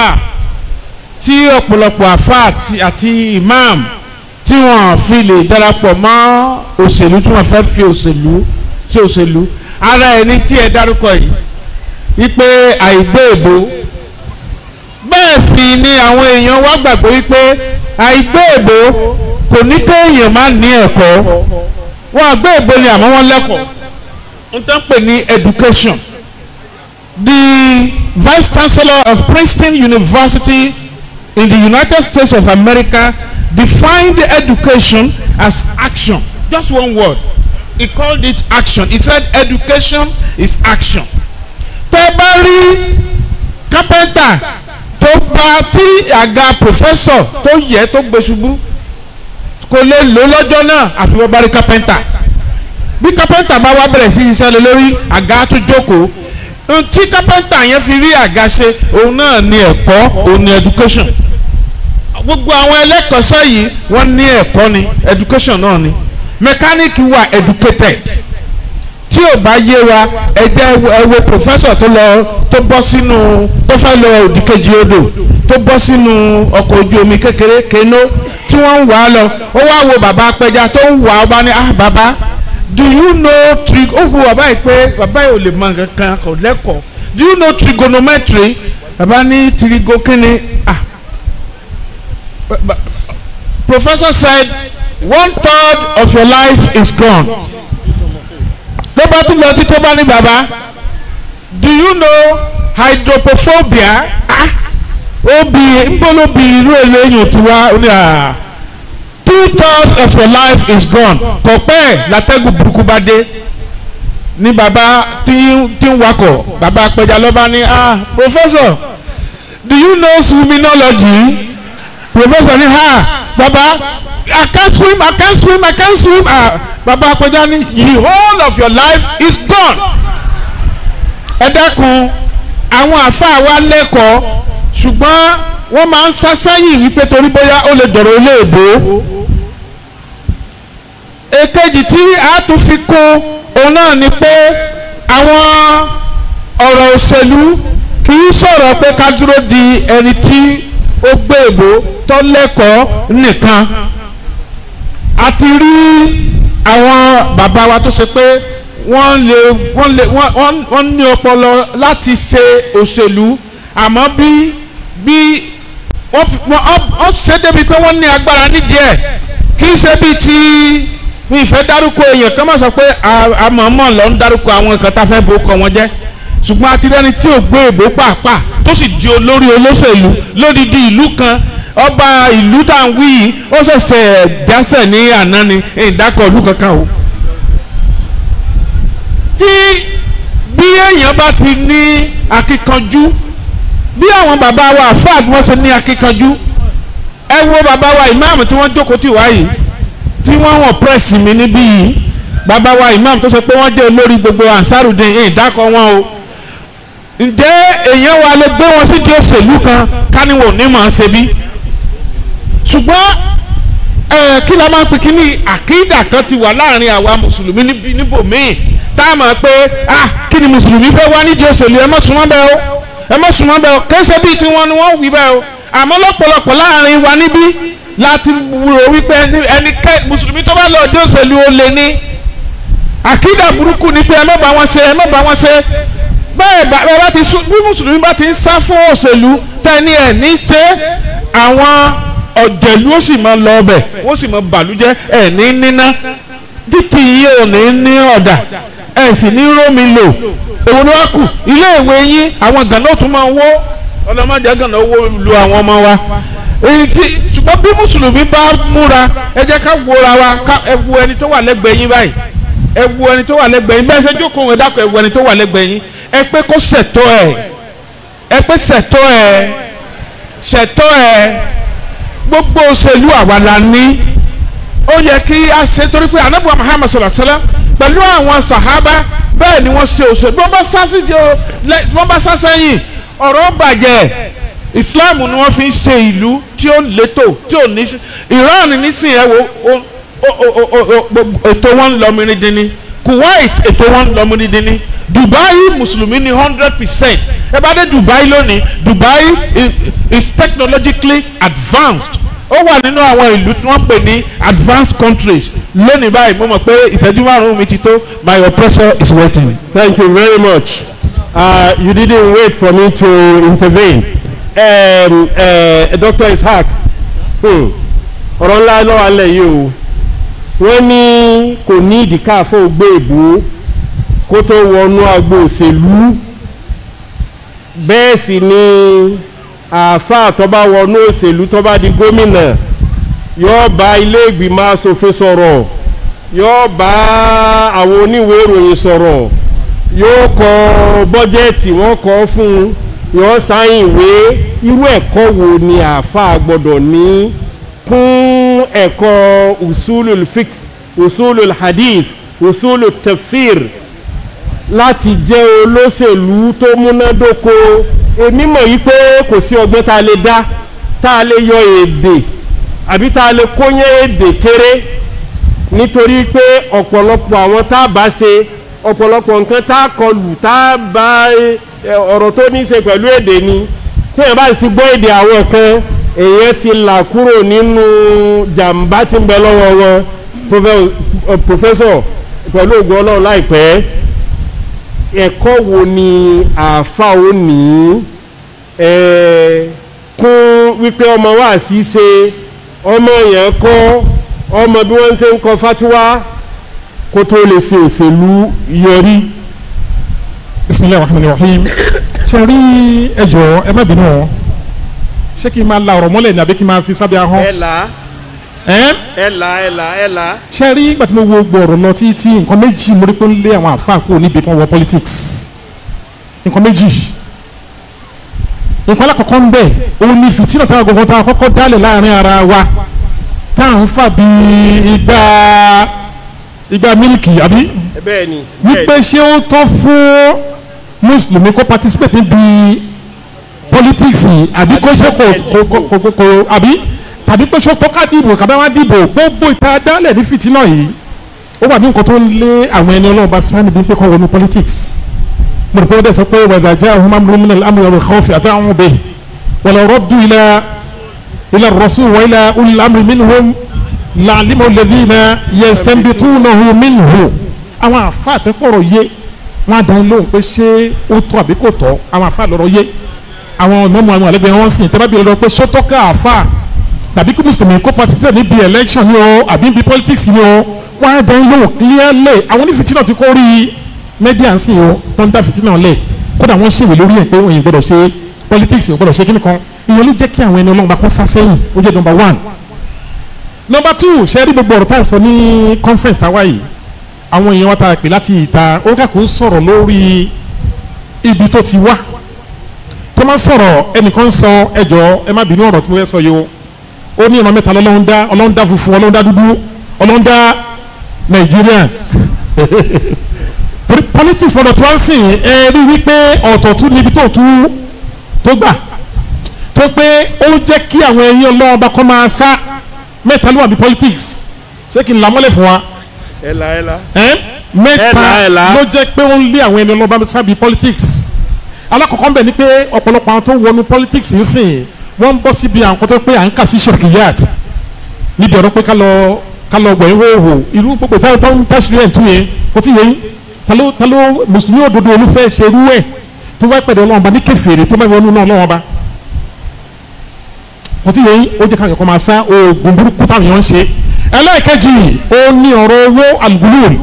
S2: tí ọ̀pọ̀lọpọ̀ àfáà àti imam tí wọ́n fi lè darapọ̀ mọ́ òṣèlú tí wọ́n fẹ́ fi òṣèlú sí òṣèlú ara ẹni tí ẹ dárúkọ yìí wípé àìgbé èbó bẹ́ẹ̀ sì ni àwọn èèyàn wá gbàgbọ́ wípé àìgbé èbó kò ní kéèyàn má ní ẹ̀kọ́ wọn àgbé èbó ni àmọ́ wọn lẹ́kọ̀ọ́ n tán pè ní education the vice chancellor of Princeton University in the United States of America defined education as action just one word he called it action he said education is action tẹ́ bá rí kápẹ́ntà tó bá tí àga pòfẹ́sọ̀ tó yẹ tó gbé ṣubú kò lè lò lọ́jọ́ náà àfi wọ́n bá rí kápẹ́ńtà bí kápẹ́ńtà bá wá bẹ̀rẹ̀ sí iṣẹ́ lé lórí àga tó jókòó tí kápẹ́ńtà yẹn fi rí àga ṣe òun náà ni ẹ̀kọ́ òun ni education gbogbo àwọn ẹlẹ́kọ̀ọ́sọ yìí wọ́n ní ẹ̀kọ́ ni education náà ni mechanic wà educated tí ò bá yé wa ẹ jẹ́ ẹ wo pòfẹ́sọ̀ tó lọ tó bọ́ sínú tó fẹ́ lọ òdìkejì odò tó bọ́ sínú ọkọ̀ ojú omi kékeré kéno tí wọ́n ń wà á lọ ó wá wo bàbá apẹja tó ń wà ó bá ní ah bàbá do you know trig ó wo bàbá yìí pé bàbá yìí ò lè mọ nǹkan kan lẹ́kọ̀ọ́ do you know trigonometry bàbá ní tirigo kíni ah professor said one third of your life is gone bá tún lọ tí tó bá ní bàbá do you know hydrophobia ah obi ngbolobi irú eléyìn tí wá ó ní à ah, two thirds of your life is gone kò pẹ́ látẹ́gùn burúkú bá dé ní bàbá tí ń wakọ̀ bàbá apẹja lọ́ba ní ah professor do you know swimmingology professor ni ha ah, Baba. I can't swim, I can't swim, I can't swim. Ah, Bàbá Akpẹ́jáni. The whole of your life is gone. Ẹ dákun, àwọn àfáà wa lẹ́kọ̀ọ́ ṣùgbọ́n wọ́n máa ń sá sẹ́yìn wípé torí bóyá ó lè dọ̀rọ̀ ilé ìbò. Èkejì tí a tún fi kún òun náà ni pé àwọn ọ̀rọ̀ òṣèlú kì í sọ̀rọ̀ pé ká dúró di ẹni tí ó gbé èbó tó lẹ́kọ̀ọ́ nìkan a ti rí àwọn bàbá wa tó ṣe pé wọ́n lè wọ́n lè wọ́n ní ọpọlọ láti ṣe òṣèlú àmọ́ bí bí wọ́n ṣe débi pé wọ́n ní agbára nídìí ẹ̀ kì í ṣe bíi ti mi ìfẹ́ dárúkọ èèyàn kí wọ́n má sọ pé àmọ̀ọ́mọ̀ lọ ń dárúkọ àwọn nǹkan tá a fẹ́ bó kọ wọn jẹ́ ṣùgbọ́n àti rẹ́ni tí ò gbé ègbó pàápàá tó sì di olórí olóṣèlú lódìdí ìlú kan ọba ìlú tá à ń wí yìí ó ṣẹ̀ṣẹ̀ dásẹ̀ ní àná ni ìdákọ̀ọ́lù kankan o. tí bí èèyàn bá ti ní akíkanjú bí àwọn bàbá wa àfáà bí wọ́n ṣe ní akíkanjú ẹ wo bàbá wa ìmáàmù tí wọ́n jókòó tì wá yìí tí wọ́n wọ̀n pírẹ́sì mi níbí yìí bàbá wa ìmáàmù tó sọ pé wọ́n jẹ́ olórí gbogbo ansarudin ìdákọ̀ wọn o ǹjẹ́ èèyàn wa lè gbé wọn sí di òṣèlú kan káníwò ní màá ṣe bí ṣùgbọ́n ẹ̀ kí la máa ń pè kí ni àkídà kan ti wà láàrin àwa mùsùlùmí níbòmíì tá a máa pé ah kí ni mùsùlùmí fẹ́ wá nídìí òṣèlú ẹ má súnmọ́ bẹ́ẹ̀ o ẹ má súnmọ́ bẹ́ẹ̀ o kéṣe bíi tiwọn ni wọ́n wí bẹ́ẹ̀ o àmọ́ lọ́pọ̀lọpọ̀ láàrin wa níbí láti rò wípé ẹni kẹ́ mùsùlùmí tó bá lọ dé òṣèlú ó lé ní àkídà burúkú ni pé ẹ má bá wọn ṣe ẹ má bá wọn ṣe bẹ́ẹ̀ bá ti bí mùsùlùmí bá ti ń sá fún òṣèlú tẹ́ni ẹ̀ ní ṣe àwọn ọ̀jẹ̀lú ó sì máa lọ ọbẹ̀ ó sì máa bàlújẹ́ ẹ̀ ní níná títí yìí ò ní ní ọ̀dà ẹ̀ sì ní rómi lò èwo kù ilé ìwé yín àwọn gànà tún máa wó ọlọ́mọdé lu àwọn ọmọ wa ṣùgbọ́n bí mùsùlùmí bá múra ẹ jẹ́ ká wora wa ẹ ẹni tó wà lẹ́gbẹ̀ẹ́ yín báyìí ẹ ẹni tó wà lẹ́gbẹ̀ẹ́ yín bẹ́ẹ̀ ṣe jókòó ẹ ẹ ẹni tó wà lẹ́gbẹ̀ẹ́ yín ẹ pé kó gbogbo òṣèlú àwa la ní ó yẹ kí a ṣe torí pé anabu Muhammad sallallahu alaihi wasallam pẹ̀lú àwọn sàhábà bẹ́ẹ̀ ni wọ́n ṣe òṣèlú bí wọ́n bá sá sí jẹ́ wọ́n bá sá sẹ́yìn ọ̀rọ̀ bàjẹ́ Islam ni wọ́n fi ń ṣe ìlú tí ó létò tí ó ní Iran nísìnyẹ wo ètò wọn ń Kuwait ètò wọn ń Dubai mùsùlùmí ni hundred percent ẹ bá dé Dubai lónìí Dubai is technologically advanced ó wà nínú àwọn ìlú tí wọ́n pè ní advanced countries lónìí báyìí mo mọ̀ pé ìṣẹ́jú márùn-ún mi ti tó my oppressor is waiting. thank you very much uh, you didn't wait for me to intervene um, uh, Dr. Ishaq hmm, ọ̀rọ̀ ńlá lọ́wọ́ alẹ́ yìí o wọ́n ní kò ní ìdíkà fún ògbé ìbò kó tó wọnú agbo òṣèlú bẹ́ẹ̀ sì ni àáfàá tọ́ba wọnú òṣèlú tọ́ba di gómìnà yóò bá ilé ìgbìmọ̀ asòfin sọ̀rọ̀ yóò bá àwọn oníwèé ìròyìn sọ̀rọ̀ yóò kọ bọ́jẹ́ẹ̀tì wọ́n kọ fún un yóò sáyìn ìwé irú ẹ̀kọ́ wo ni àáfàá gbọ́dọ̀ ní kún ẹ̀kọ́ usulul fiqh usulul hadith usulul tafsir láti jẹ́ olóṣèlú tó múnádóko èmi mọ̀ yí pé kò sí ọgbọ́n tá a lè dá tá a lè yọ èdè àbí tá a lè kóyán èdè kéré nítorí pé ọ̀pọ̀lọpọ̀ àwọn tá a bá ṣe ọ̀pọ̀lọpọ̀ nǹkan tá a kọlù tá a bá ọ̀rọ̀ tó ní ṣe pẹ̀lú èdè ni tí èèyàn bá sì gbọ́ èdè àwọn kan èèyàn ti là kúrò nínú jàǹbá tí ń bẹ lọ́wọ́ wọn pẹ̀lú ògùn ọlọ́run láìpẹ́ ẹ̀kọ́ wo ni àáfà ó ní kún wípé ọmọ wa sí ṣe ọmọ yẹn kọ́ ọmọ bí wọ́n ṣe ń kọ fatuwa kó tó lè ṣe òṣèlú yọrí. bisimilayi wa rahmatulahi rahim ṣe rí ẹjọ́ ẹ má bínú ṣé kí n máa la ọ̀rọ̀ mọ́lẹ̀ ní àbí kí n máa fi sábẹ́ ahọ́n. ẹ là ẹ̀là ẹ̀là ẹ̀là. ṣe rí ìgbà tí mo wo gbọ̀rọ̀ lọ títí nǹkan méjì mo rí pé ń lé àwọn àáfàá kúrò níbi kan wọ politics nǹkan méjì nǹkan alákọ̀ọ́kọ́ ń bẹ̀ òun ni fìtínà táwọn gbọ̀ngàn tá a kọ́kọ́ dálẹ̀ láàrin ara wa tá à ń fà bí igba igba mílìkì àbí. bẹ́ẹ̀ ni. wípé ṣé ó tọ́ fún mùsùlùmí kó participate bí politics àbí kó ṣe kò kò kò kò àbí tàbí pé ṣòkò ká dìbò kàbá wá dìbò gbogbo ìta dálẹ̀ ní fìtínà yìí ó wà ní nǹkan tó ń lé àwọn ẹni ọlọ́run bá sáà níbi pé kọ́ wọnú politics mo rò pé ó dẹ̀ sọ pé wàdà jẹ́ àwọn máa ń lómìnà lámìlẹ̀ ọ̀rọ̀ ìkọ́fì àti àwọn ọbẹ̀ wàlẹ̀ ọ̀rọ̀ dùn ilẹ̀ ilẹ̀ rọ̀ṣù wà ilẹ̀ olùlámì mìíràn làlímọ̀ lẹ́bí iná yẹ sẹ́ńbì tó nà hù mìíràn àwọn àfa àtẹ́kọ̀rọ̀ yé wọn á dán lóhùn pé ṣé ó tọ́ àbí kò tọ́ àwọn àfa lọ́rọ̀ yé àwọn ọ̀nà àwọn àlẹ́gbẹ̀ẹ́ wọn sìn tẹ́lábìlẹ̀ lọ pé ṣótọ́ká àfa tàbí kí mùsùlùmí kó participate níbi election ni o àbí níbi politics ni o wọ́n á bẹ́ẹ̀ lò clearly àwọn onífìtínà ti kó rí media ń sìn o wọ́n ń dá fìtínà lẹ̀ kódà wọ́n ṣèwé lórí ẹ̀ pé òyìn gbọ́dọ̀ ṣe politics ò gbọ́dọ̀ ṣe kíni kan ìyẹn ló jẹ́ kí àwọn ẹni ọlọ́run bá kó sá sẹ́yìn ó jẹ́ number one. number two ṣe rí gbogbo ọ̀rọ̀ tá sọ ní conference táwa yìí àwọn èèyàn wa ta pè láti ìta ó kàkó ń sọ̀rọ̀ lórí ibi tó ti wá tó máa ń sọ̀rọ̀ ẹnìkan ń sọ ẹjọ́ ẹ má bínú ọ̀rọ̀ tí mo fẹ́ sọ yìí o ó ní ìran mẹ́ta lọ́lọ́run dá ọlọ́run dá funfun ọlọ́run dá dúdú ọlọ́run dá nàìjíríà politics fọdọ̀ tí wọ́n sìn ẹ rí wípé ọ̀tọ̀ tún níbi tó tún tó gbà tó pé ó jẹ́ kí àwọn ẹ̀yìn ọlọ́run bá kọ́ máa sá mẹ́ta ló wà bí politics ṣé kí n là mọ́lẹ̀ fún wa ẹ̀là ẹ̀là mẹ́ta ló jẹ́ pé ó ń lé àwọn ẹni ọlọ́run bá sábì politics alákọ̀ọ́kọ́ ń bẹ̀ ni pé ọ̀pọ̀lọpọ̀ àwọn tó wọnú politics ń sìn wọ́n ń bọ́ síbi à ń kọ́ tó pé à ń kà sí ṣèkìyàt níbi ọ̀rọ̀ pé ká lọ ká lọ gbẹ̀yìn wòwò irú gbogbo táwọn táwọn táṣìírí ẹ̀ ń tún yẹn kò tí yẹn ta ló ta ló mùsùlùmí òdodo olúfẹ́ ṣe irú ẹ̀ tó bá pẹ̀lú ọlọ́run ba ní kẹfìrì tó bá wọnú náà ọlọ́run ba kò tí yẹn ó jẹ́ káyọ̀ kọ́ máa sá oògùn burúkú táwọn yẹn ń ṣe ẹlẹ́ẹ̀kejì ó ní ọ̀rọ̀ owó àlùgúlùrì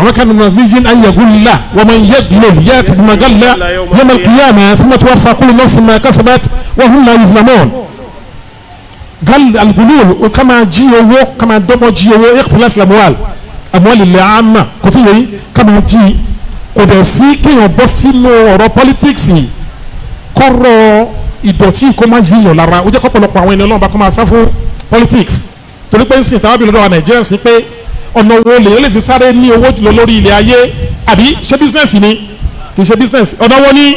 S2: ومكن مبني أن يقول لا ومن يضلل يأتي بما قال لا يوم القيامة ثم توفى كل نفس ما كسبت وهم لا يظلمون قال الغلول وكما جيو كما دوبو جيو اختلاس الأموال أموال العامة كتير كما جي kòdẹ̀ sí kéèyàn bọ́ sínú ọ̀rọ̀ ìdọ̀tí kó má yíyàn lára ó jẹ́ kọ́pọ̀lọpọ̀ àwọn ènìyàn náà bá kó máa sá fún politics torí pé ń sìn táwọn lọ́dọ̀ wa Nàìjíríà sí pé ọ̀nà wo lèyàn lè fi sáré ní owó jùlọ lórí ilẹ̀ ayé àbí ṣé business ni kì í ṣe business ọ̀nà wo ni.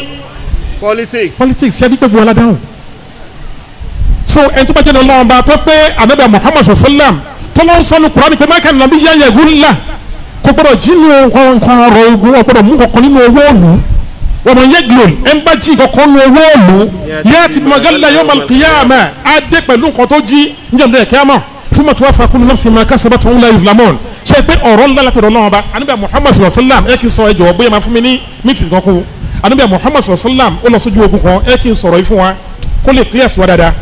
S2: politics politics ṣe é dípẹ́ gbogbo so ẹni tó bá jẹ́ ọlọ́run bá tó pé anabi muhammad sallam tó lọ́n sọ́nu kúránì pé mákàn nàbí yá yẹ̀gùn ńlá kò gbọ́dọ̀ jí ní nǹkan ọ̀rọ̀ ogun ọ̀gbọ́dọ̀ mú kọ̀ọ̀kan nínú owó òòlù wọ́n yẹ glory ẹ̀ ń bá jí kọ̀ọ̀kan nínú owó òòlù yẹ́ ti magalla yawm al-qiyama pẹ̀lú nǹkan tó jí níjàmbá ẹ̀ kíámà fún mọ̀tò wà fàkùnrin náà sùn máa tó ń la islamon ṣe pé ọ̀rọ̀ ńlá látọ̀dọ̀ náà ọba anubia muhammad sallallahu alayhi wa sallam ẹ kì í sọ ẹ jọ̀wọ́ bóyá máa fún mi ní mítì kan kú anubia muhammad sallallahu alayhi wa sallam ó lọ sójú ogun kan ẹ kì í sọ̀rọ̀ yìí fún wa kó lè clear sí wa dáadáa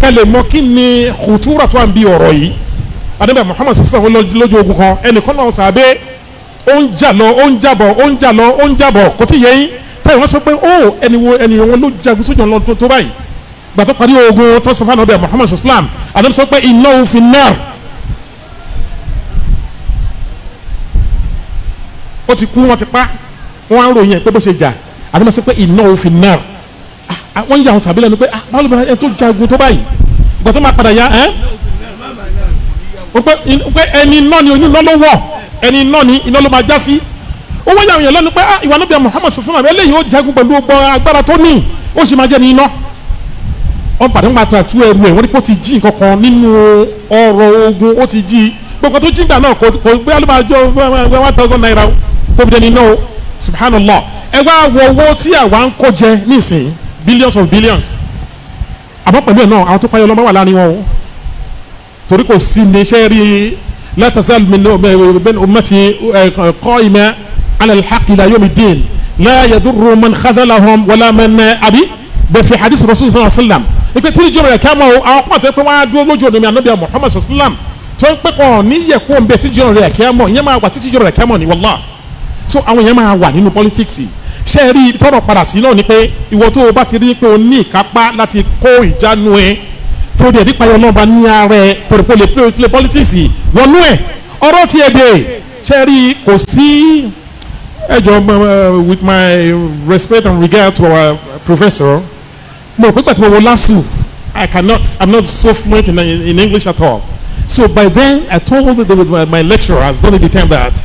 S2: ká lè mọ kí ni kùtùrà tó à ń bi ọ̀rọ̀ yìí anubia muhammad sallallahu alayhi wa sallam lójú ogun kan ẹnìkan náà sàbẹ ó ń jà lọ ó ń jàbọ̀ ó ń jà lọ ó ń jàbọ̀ kò tí yẹ ó ti kú wọ́n ti pa wọ́n á ń ròyìn ẹ̀ pé bó ṣe jà àbí wọ́n sọ pé iná òfin náà ah, ah, wọ́n yà wọn sàbí lẹ́nu pé ah, báwo ló bá ẹni tó jagun tó báyìí ìgbà tó máa padà ya ẹ́ pé ẹni iná ni oní iná ló wọ̀ ẹni iná ni iná ló máa já sí ó wọ́n yà wọn yẹn lẹ́nu pé ìwà níbi Muhammad sọ̀sọ́nà bẹ́ẹ̀ lẹ́yìn ó jagun pẹ̀lú ọgbọ́n agbára tó ní ó sì máa jẹ́ ni iná wọ́n padà ń gba àtúntò ẹrù ẹ̀ wọ́n ní kó ti jí nǹkan kan nínú ọrọ̀ ogun ó ti jí gbogbo tó jí gbà náà kò gbé alùpàjọ one thousand naira tóbi dẹni náà subhanallah ẹ wá wọ owó tí àwa ń kó jẹ nísìnyí billions of billions àmọ́ pẹ̀lú ẹ̀ náà àwọn tó payọ́ lọ́mọ́ wà láàrin wọn o torí kò sí iléeṣẹ́ rí látàzá min ummati qaima ala al-haqqi ila yawmi ddin la yadurru man khadhalahum wala man abi bẹ́ẹ̀ fi hadith rasul sallallahu alayhi wa sallam ìpè tí ìjọba rẹ̀ kí a mọ̀ o àwọn pàtó pé wọ́n á dúró lójú ọ̀nà mi ànábì muhammad sallallahu alayhi wa sallam tó ń pẹ́ kàn ní yẹ̀kú òun bẹ́ẹ̀ tí ìjọba rẹ̀ kí ìyẹn máa wà tí ìjọba rẹ̀ kí a mọ̀ so àwọn yẹn máa wà nínú politics ṣé ẹ rí tọrọ padà sí náà ni pé ìwọ tó o bá ti rí pé o ní ìkápá láti kó ìjánu ẹ tó dẹ̀ nípa yọ náà bá ní ara ẹ torí pé o lè play politics wọnú ẹ ọ̀rọ̀ ti ẹ̀ dẹ̀ ṣé ẹ rí kò sí ẹjọ with my respect and regard to our professor mo rò pé pàtó wo LASU I cannot I'm not so fluent in, in English at all so by then I told the, the, my lecturers don't be time that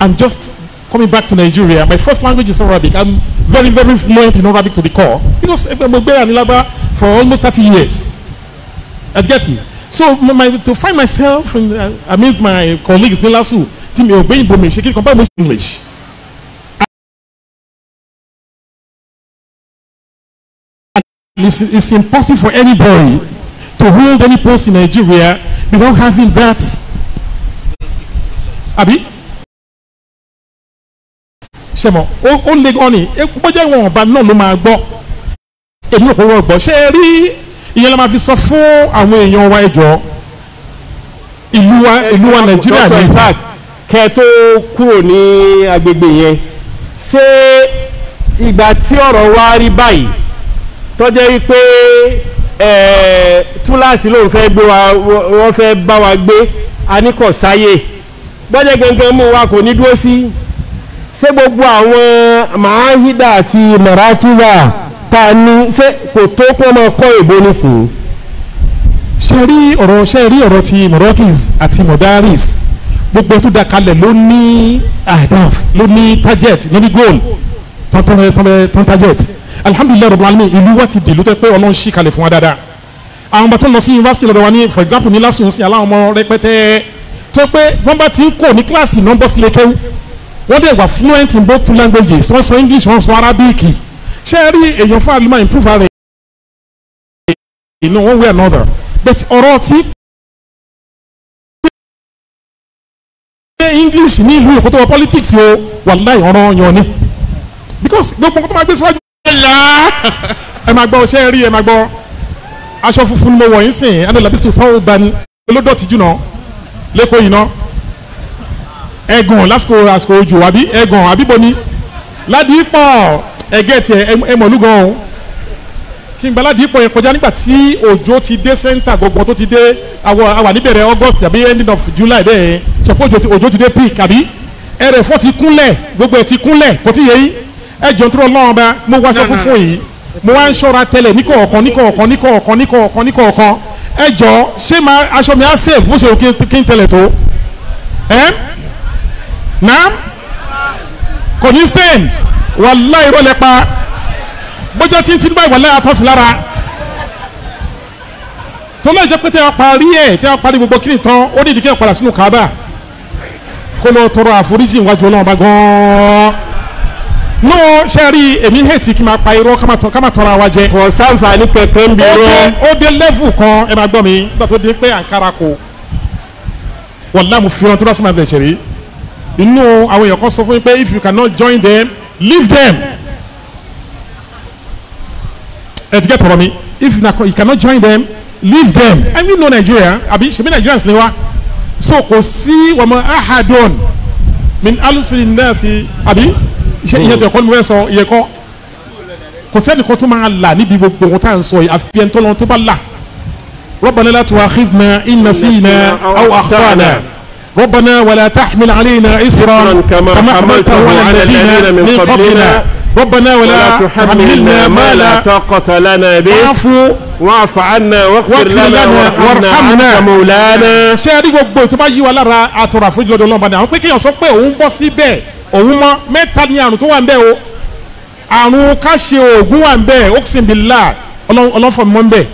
S2: I'm just coming back to Nigeria, my first language is Arabic. I'm very, very fluent in Arabic to the core because I've been in Laba for almost 30 years. I get me. So
S4: my, to find myself in, uh, amidst my colleagues, Nilasu, Tim Obey Bome, compare with English. It's, it's impossible for anybody to hold any post in Nigeria without having that. Abi?
S2: ṣe mọ ó le gan ni bójá ìwọ̀n ọ̀ba náà ló máa gbọ́ èmi ò kó wọ́n gbọ́ ṣé ẹ rí ìyẹn la máa fi sọ fún àwọn èèyàn wa ẹ̀jọ̀ ìlú wa ìlú wa nàìjíríà ní. kẹ́ ẹ tó kúrò ní agbègbè yẹn ṣé ìgbà tí ọ̀rọ̀ wa rí báyìí tọ́jẹ́ wípé túláàsì lòun fẹ́ gbé wa wọ́n fẹ́ bá wa gbé a ní kò sáyè gbọ́dẹ̀ gangan mú wa kò ní dúró sí. Si ṣé gbogbo àwọn mahahida àti marakiza ta ni ṣé kò tó kó máa kọ́ ìbò nísìnyí. ṣe rí ọ̀rọ̀ ṣe rí ọ̀rọ̀ ti morakis àti modaris gbogbo tó da kalẹ̀ ló ní ahdaf ló ní target ló ní goal tán target alihamudulilayi rabil alamin ìlú wa ti dèlú tẹ pé ọlọ́run ṣì kalẹ̀ fún wa dáadáa àwọn bàtọ́ lọ sí yunifásitì lọ́dọ̀ wa ní for example ní lásìkò sí aláwọn ọmọ rẹpẹtẹ tó pé wọ́n bá ti ń kó ní kíláàsì náà bọ́ wọ́n dẹ̀ wà fluent in both two languages wọ́n sọ English wọ́n sọ Arabic ṣé ẹ rí èèyàn fún
S4: àlùmọ́ improve ara in one way or another but ọ̀rọ̀ tí ṣe English ní ìlú Èkó tó politics, politics o wàláì ọ̀ràn yan ni because gbogbo nǹkan tó máa gbé síwájú ẹ̀yà
S2: ẹ máa gbọ́ ṣé ẹ rí ẹ máa gbọ́ aṣọ funfun ni mo wọ̀ yín sìn ẹ̀ ẹ̀ ẹ̀ lọ́bí sí fọ́ọ̀bù bani olódọ̀tí jù náà lẹ́kọ̀ọ́ yìí náà ẹ̀gàn lásìkò àsìkò òjò àbí ẹ̀gàn àbíbo ni ládìípọ̀ ẹ̀gẹ́ tiẹ̀ ẹ̀mọ̀lúgan ọ̀hún kí n gba ládìípọ̀ yẹn kọjá nígbà tí òjò ti dé sẹ́ńtà gbogbo tó ti dé àwọ̀ àwà níbẹ̀rẹ̀ August àbí ending of July bẹ́ẹ̀ yẹn sọ̀pọ̀ òjò ti dé peak àbí ẹrẹ̀ fọ́ ti kúnlẹ̀ gbogbo ẹ̀ ti kúnlẹ̀ kò tí yẹ yín ẹ jọ̀ nítorí ọlọ́run bá mo wáṣọ funfun yìí mo wá ń ṣọ́ra tẹ́lẹ̀ ní kọ̀ọ̀kan ní kọ̀ọ̀kan ní kọ̀ọ̀kan ní kọ̀ọ̀kan ní kọ̀ọ̀kan ẹ jọ̀ ṣé máa aṣọ mi á sèf bó ṣe kí n tẹ́lẹ̀ tó ẹ́ naam kò ní stain wàláì rọlẹ̀ pa bójá títí nígbà ìwàlẹ́ àtọ́sí lára tó lọ́ọ́ jẹ́ pé tẹ́ ọ parí ẹ̀ tẹ́ ọ parí gbogbo kíni tán ó dìdí kí ẹ padà sínú kaaba kó lọ tọrọ àforíjì iwájú ọlọ́run bá gan-an nú ṣe rí èmi hẹ̀tì kí n máa pa irọ́ ká máa tọrọ àwa jẹ. kò sáǹfààní pẹpẹ ń bí irọ́. ó dé lẹ́fù kan ẹ máa gbọ́ mi nígbà tó dé pé àǹkárá kò wọ́n láàmú fi ọ́n tó lọ́sọ̀mọ́ àti ẹ̀ṣẹ̀ rí inú àwọn èèyàn kan sọ fún yín pé if you cannot join them leave them ẹ ti gẹ́ tọrọ mi if you cannot join them leave them and you know Nigeria àbí ṣebí Nigerians ni wa so kò sí wàmọ ahadon min alusi nurse àbí ṣe ìyẹn tó ẹ̀kọ́ ni mo fẹ́ sọ ìyẹn kọ́ kò sẹ́ni kan tó máa là níbi gbogbo ohun tá à ń sọ yìí àfi ẹni tó lọ́n tó bá là Rabbana la tu'akhidhna in nasina aw akhta'na. ربنا ولا تحمل علينا إسرا كما حملته على الذين من قبلنا ربنا ولا, ولا تحملنا ما لا طاقة لنا به واعفو واعف عنا واغفر لنا وارحمنا مولانا ṣé ẹ rí gbogbo tó bá yí wa lára àtọ̀rọ̀ àforíjì lọ́dọ̀ Ọlọ́run bàdàn àwọn pé kéèyàn sọ pé òun bọ́ síbẹ̀ òun mọ́ mẹ́ta ni àrùn tó wà ń bẹ̀ o àrùn ká ṣe oògùn wà ń bẹ̀ oxygen bíi láà ọlọ́fọ̀ mọ́ ń bẹ̀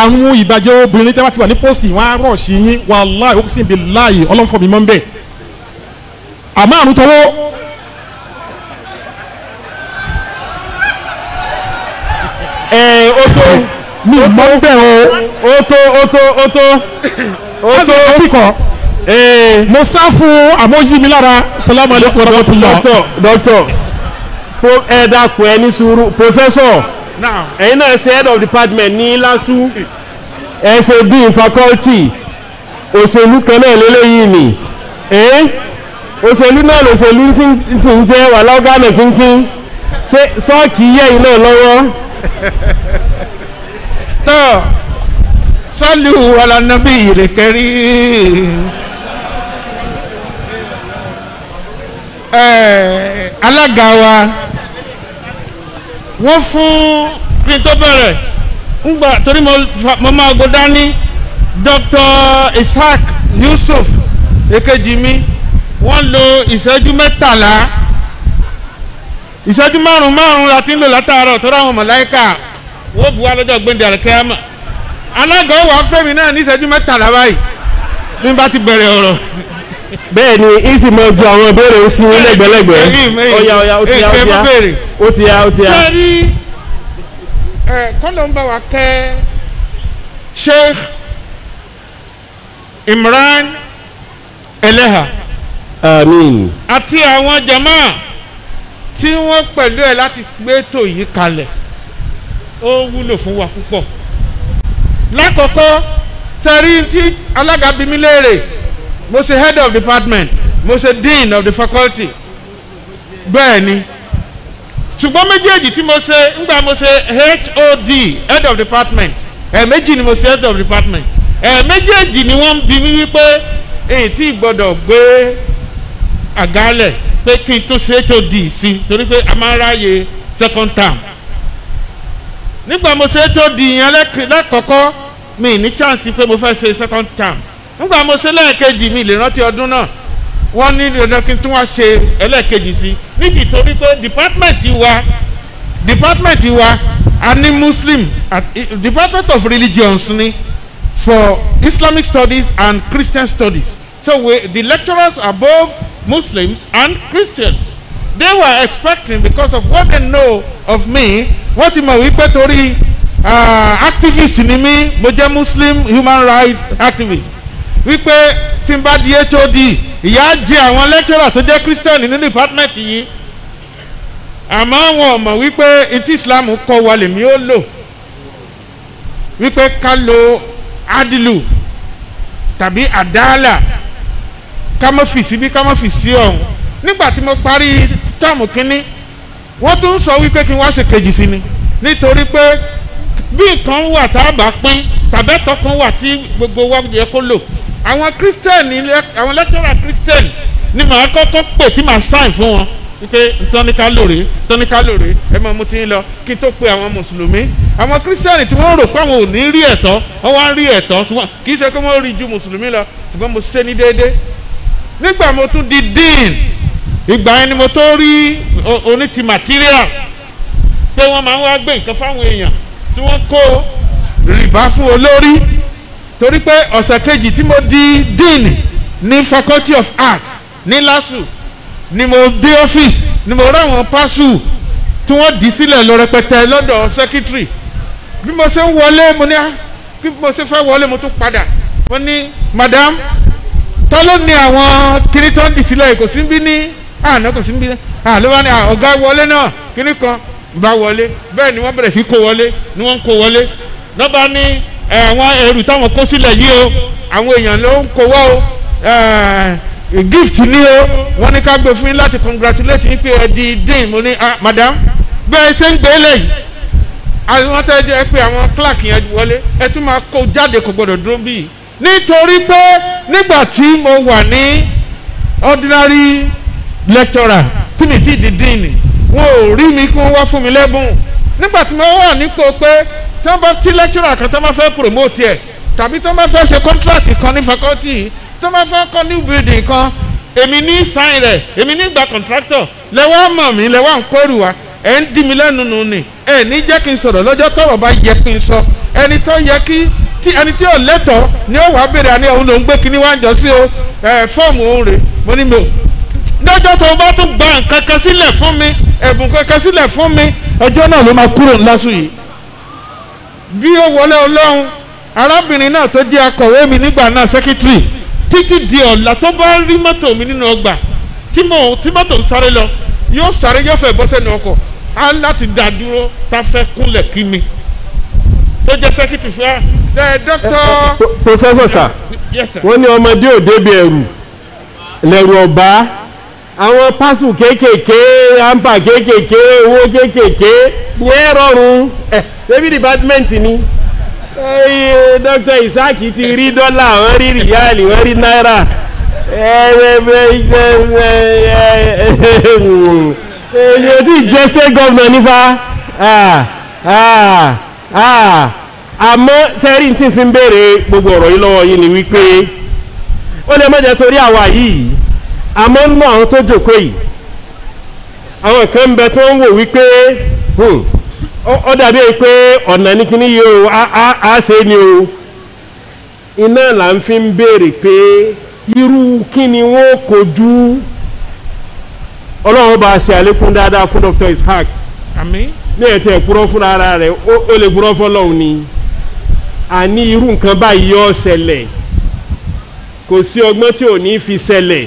S2: àrùn ìbàjẹ́ obìnrin tẹ́wá ti wà ní pósìtì wọn á rọ̀ sí yín wàláì ó sì ń bi láàyè ọlọ́fọ̀ mọ́ ń bẹ̀ àmọ́ àrùn tọwọ́ ẹ ó tó mi mọ́ ń bẹ̀ o ó tó ó tó ó tó ó tó ó kíkọ́ mo sá fún àmójí mi lára salamu alaykum wa rahmatulah. dókítà dókítà ẹ dákun ẹ ní sùúrù Now, ẹ̀yin náà ṣe head of department ní LASU ẹ ṣe dean faculty òṣèlú kan náà lélẹ́yìí ni òṣèlú náà lòṣèlú sì ń jẹ́ wà lọ́gánà kínkín ṣé sọ́ọ̀kì yẹ̀yìn náà lọ́wọ́. tọ́ sọ́ọ̀lù alanabi ìrèkẹ́rí alága wa wọ́n fún kí n tó bẹ̀rẹ̀ ńgbà torí mo máa go dání Dr. isaac Yusuf èkejì mi wọ́n lo ìṣẹ́jú mẹ́tàlá ìṣẹ́jú márùn márùn la ti ń lò látàárọ̀ tó ráwọn mọ̀láìkà wọ́n bu wa lọ́jọ́ gbẹ̀ndẹ̀ àlùkẹ́yàmà alága ọ̀wà fẹ́mi náà ní ìṣẹ́jú mẹ́tàlá báyìí bí n bá ti bẹ̀rẹ̀ ọ̀rọ̀ bẹ́ẹ̀ ni ìsì máa ju àwọn ìbéèrè sí lẹ́gbẹ̀lẹ́gbẹ̀ ó yá ó yá ó ti ya ó ti yá ó ti yá. sẹ́rí kọ́lọ́mbà wa kẹ́ Sheikh Imran Eleha àti àwọn jama tí wọ́n pẹ̀lú ẹ̀ láti gbé ètò yìí kalẹ̀ ó wúlò fún wa púpọ̀ lákọ̀ọ́kọ́ sẹ́rí tí alága bí mi léèrè. mo ṣe head of department mo ṣe dean of the faculty bẹ́ẹ̀ ni ṣùgbọ́n méjèèjì tí mo ṣe ńgbà mo ṣe hod head of department ẹ̀ẹ̀mejì ni mo ṣe head of department ẹ̀ẹ̀mejèèjì ni wọ́n ń bi mí wípé èyí tí gbọ́dọ̀ gbé àgálẹ̀ pé kí n tún ṣe hod sí torí pé a máa ń ráàyè second term nígbà mo ṣe hod yẹn lẹ́kọ̀ọ́kọ́ mi ní chance pé mo fẹ́ ṣe second term nígbà mo ṣe lẹ́ẹ̀kejì mi lè rántí ọdún náà wọ́n ní dandan kí n tún wá ṣe ẹlẹ́ẹ̀kejì sí níbi torí pé department wa department wa a ní muslim at department of religions ni for islamic studies and christian studies so we, the lecturers are both muslims and christians they were expecting because of what they know of me wọ́n ti mọ̀ wípé torí ah, activist ni mí mo jẹ́ muslim human rights activist wípé tí n bá di hod ìyá jẹ àwọn lẹ́kítọ́rà tó jẹ́ christian nínú department yìí àmọ́ wọn mọ̀ wípé etí islam kọ́ wa lèmi ó lò wípé ká lo adilu tàbí àdáàlà ká mọ̀ fì síbí ká mọ̀ fì sí ọ̀hún nígbà tí mo parí táàmù kínní wọ́n tún sọ wípé kí n wá ṣe kejì sí ni nítorí pé bí nǹkan wà tá a bá pín tàbẹ́tọ̀ kan wà tí gbogbo wa yẹ kó lò àwọn christian àwọn lẹ́tọ́rà christian ni màá kọ́kọ́ pè tí màá sign fún wọn wípé ntọ́níká lóore ntọ́níká lóore ẹ máa mú ti ń lọ kí n tó pe àwọn mùsùlùmí àwọn kírísítẹ́nì tí wọ́n rò pé àwọn ò ní rí ẹ̀tọ́ wọ́n wá ń rí ẹ̀tọ́ ṣùgbọ́n kì í ṣe pé wọ́n rí ju mùsùlùmí lọ ṣùgbọ́n mo ṣe ní déédéé nígbà mo tún di dean ìgbà yẹn ni mo tó rí oní ti material pé wọ́n máa ń wá gbé nǹkan fáwọn èèyàn tí wọ́n kó rìbá fún olórí torí pé ọ̀sẹ̀ kejì tí mo di dean ní faculty of arts ní lasu ni mo dé office ni mo ráwọn pásù tí wọ́n dì sílẹ̀ lọ rẹpẹtẹ lọ́dọ̀ secretary bí mo ṣe ń wọlé mo ní bí ah, mo ṣe fẹ́ wọlé mo tún padà wọ́n ní madam ta ló ní àwọn kiri tó ń dì sílẹ̀ kò sí bí ní àná ah, kò sí bí ní àná ah, ló bá ní ọ̀gá wọlé náà kiri kan bá wọlé bẹ́ẹ̀ ni wọ́n bẹ̀rẹ̀ sí kó wọlé ni wọ́n ń kó wọlé lọ́ba ní àwọn ẹrù táwọn kó sílẹ̀ yìí o àwọn èèyàn ló ń kó eh, gift ni o wọ́n ní ká gbé fún yín láti congratulate yín pé ẹ di dean mo ní ah madam bẹ́ẹ̀ ṣe ń gbé lẹ́yìn àwọn tẹ́ jẹ́ pé àwọn clerk yẹn wọlé ẹ tún máa kó jáde kò gbọ́dọ̀ dúró bíi nítorí pé nígbà tí mo wà ní ordinary lecturer tí mi ti di dean wọn ò rí mi kí wọ́n wá fún mi lẹ́bùn nígbà tí mo wà nípò pé tán bá tí lẹ́kítọ́rà kan tán bá fẹ́ promote ẹ̀ tàbí tán bá fẹ́ ṣe contract kan ní faculty tán bá fẹ́ kọ́ new building kan èmi ní sign rẹ̀ èmi ní gba contractor lẹ́wọ́ mọ̀ mí lẹ́wọ́ ń kórù wa ẹ̀ ń dì mí lẹ́nu nù ni ẹ̀ ní jẹ́ kí n sọ̀rọ̀ lọ́jọ́ tọ̀rọ̀ bá yẹ kí n sọ ẹni tó yẹ kí tí ẹni tí ò lẹ́tọ̀ọ́ ni ó wàá béèrè àní òun lòún gbé kíní wá ń jọ sí o ẹ̀ fọ́ọ̀mù òun rè mo ní mi ò lọ́jọ́ tó o bá tún gba nǹkan kan sílẹ̀ fún mi ẹ̀bùn kankan sílẹ̀ fún mi ọjọ́ náà ló máa kúrò ńlá sùn yìí bí ó wọlé ọlọ́run arábìnrin náà tó jẹ́ akọ̀wé mi nígbà náà sẹ́kítírì títí di ọ̀la tó bá rí mọ́tò mi nínú ọgbà tí mọ́tò ń sáré lọ yóò sáré yóò fẹ́ bọ́ sẹ́nu ọkọ̀ á láti dá dúró tá fẹ́ kúnlẹ̀ kí mi tó jẹ́ sẹ́kítírì fún wa dókítà. pòfẹ́sọ̀ sà wọ́n ní ọmọdé òde ẹrù lẹ́rù ọba àwọn pásù kéékèèké ampa kéékèèké owó kéékèèké yẹn rọrùn ẹ débi department ni dókítà Isaac ti rí dọ́là wọ́n rí rìyáàlì wọ́n rí náírà èyí ò tí ì jẹ́ state government nífa àmọ́ sẹ́rìn tí n fi ń béèrè gbogbo ọ̀rọ̀ yìí lọ́wọ́ yìí ni wípé ó lè má jẹ́ torí àwa yìí àmọ́ nínú àwọn tó jòkó yìí àwọn kan ń bẹ tó ń wò wípé hmm, ó dàbí pé ọ̀nà ní kíní yìí o á ṣe é ni o iná là ń fi ń béèrè pé irú kí ni wọ́n kojú ọlọ́run bá ṣe àlékún dáadáa fún Dr. Ishaq àmín ní ẹ̀tẹ̀ ẹ̀kúrọ́ fún ara rẹ̀ ó lè kúrọ́ fọlọ́run ni àní irú nǹkan báyìí yọ ṣẹlẹ̀ kò sí ọgbọ́n tí ò ní fi ṣẹlẹ̀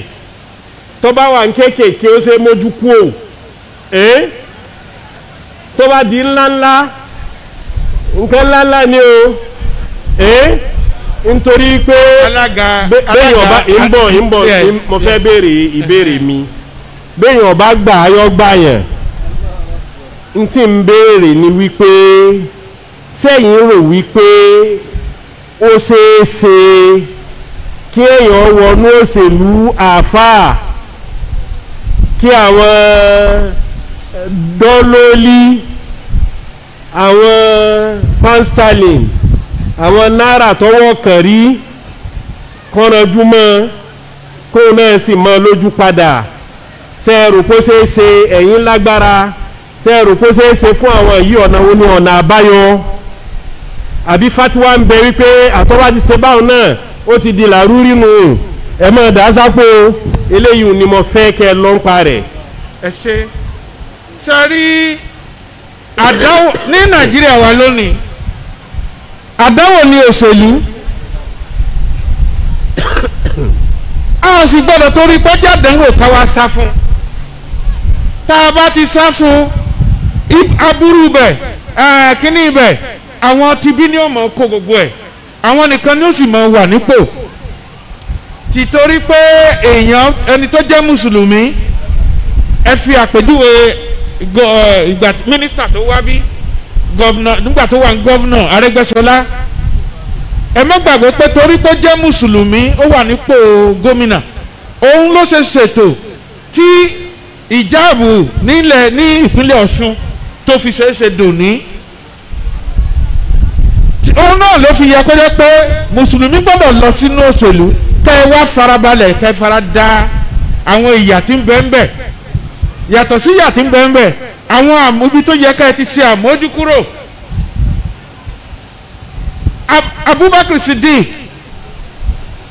S2: tó bá wà ní kéékèèké ó ṣe mójú kú o ẹ́n tó bá di ńláńlá nǹkan ńláńlá ni o nítorí pé bẹ́yìn ọba ìbọ̀ ìbọ̀ mo fẹ́ béèrè ìbéèrè mi bẹ́yìn ọba gbà ayọ́ gbà yẹn n tí ń béèrè ni wípé sẹ́yìn rò wípé ó ṣeé ṣe kí èèyàn wọnú òṣèlú àáfàá kí àwọn eh, dọ́lólì àwọn pound àwọn náírà tọwọ́ kàn rí kọ́ranjú mọ́ náà sì mọ́ lójú padà ṣe é rò pé ṣe ẹ̀yìn lágbára ṣe é rò pé ṣe fún àwọn yìí ọ̀nà fatiwa ń bẹ wípé àtọ́wá ti ṣe báwọn náà ti di ẹ mọ̀ dásápò eléyìí ni mo fẹ́ kẹ́ ẹ lọ́npa rẹ̀. ẹ ṣe sẹ́rí àdáwò ní nàìjíríà wa lónìí àdáwò ni òṣèlú a sì gbọ́dọ̀ torí pé jàdánwò ká wá sá fún tá a bá ti sá fún aburú bẹ̀ kíní bẹ̀ àwọn tibí ni ó mọ̀ kó gbogbo ẹ̀ àwọn nìkan ni ó sì mọ̀ wà nípò. tìtorí pé èèyàn ẹni tó jẹ́ mùsùlùmí ẹ fi àpèjúwe ìgbà mínísítà tó wá bí gọ́vnà nígbà tó wà ní gọ́vnà Arẹ́gbẹ́ṣọlá ẹ má gbàgbé pé torí pé jẹ́ mùsùlùmí ó wà nípò gómìnà òun ló ṣe ṣètò tí ìjáàbù nílẹ̀ ní ìpínlẹ̀ Ọ̀ṣun tó fi ṣeéṣe dòní òun náà ló fi yẹ kó jẹ́ pé mùsùlùmí gbọ́dọ̀ lọ sínú òṣèlú tẹ́ ẹ wá farabalẹ̀ tẹ́ fara da àwọn ìyà tí ń bẹ ń bẹ yàtọ̀ sí ìyà tí ń bẹ ń bẹ àwọn àmójú tó yẹ ká ẹ ti ṣe àmójú kúrò Abubakar Siddiq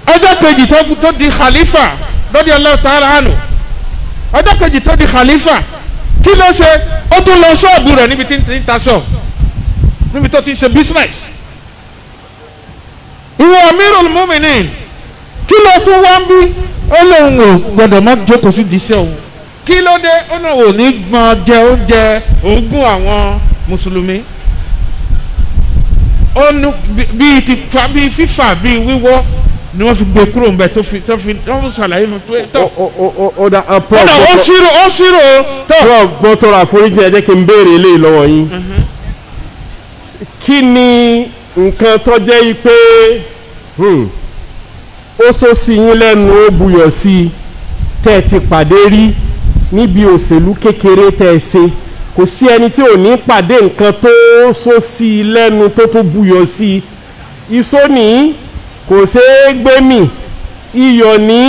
S2: ọjọ́ kejì tó di khalifa lọ́dí ọlọ́ọ̀ tààrà ànú ọjọ́ kejì tó di khalifa kí ló ṣe ó tún lọ ṣọ́ọ̀bù rẹ̀ níbi tí ń ta ṣọ́ọ̀bù níbi tó ti ń ṣe business ìwọ Amirul Muminin kí ló tún wá ń bí ó lóun ò gbọ́dọ̀ má jókòó sí díṣẹ́ òun kí ló dé ó náà ò ní gbọ́n jẹ oúnjẹ ogún àwọn mùsùlùmí ó nu bíi ti fa bíi fífà bíi wíwọ́ ni wọ́n fi gbé kúrò ń bẹ̀ tó fi tó fi tó fi ṣàlàyé fún tó tó. ó dà ó prof ó ó ṣírò ó ṣírò tó. prof gbọ́ àforíjì ẹ jẹ́ kí n béèrè eléyìí lọ́wọ́ yín. Uh-huh. kí ni nǹkan tó yìí pé. Hmm, ó sọ sí yín lẹ́nu ó buyọ̀ sí i tẹ́ ẹ ti pàdé rí níbi òṣèlú kékeré tẹ́ ẹ ṣe kò sí ẹni tí ò ní pàdé nǹkan tó sọ sí i lẹ́nu tó tó buyọ̀ sí i ìsóní kò ṣeé gbé mì iyọ̀ ní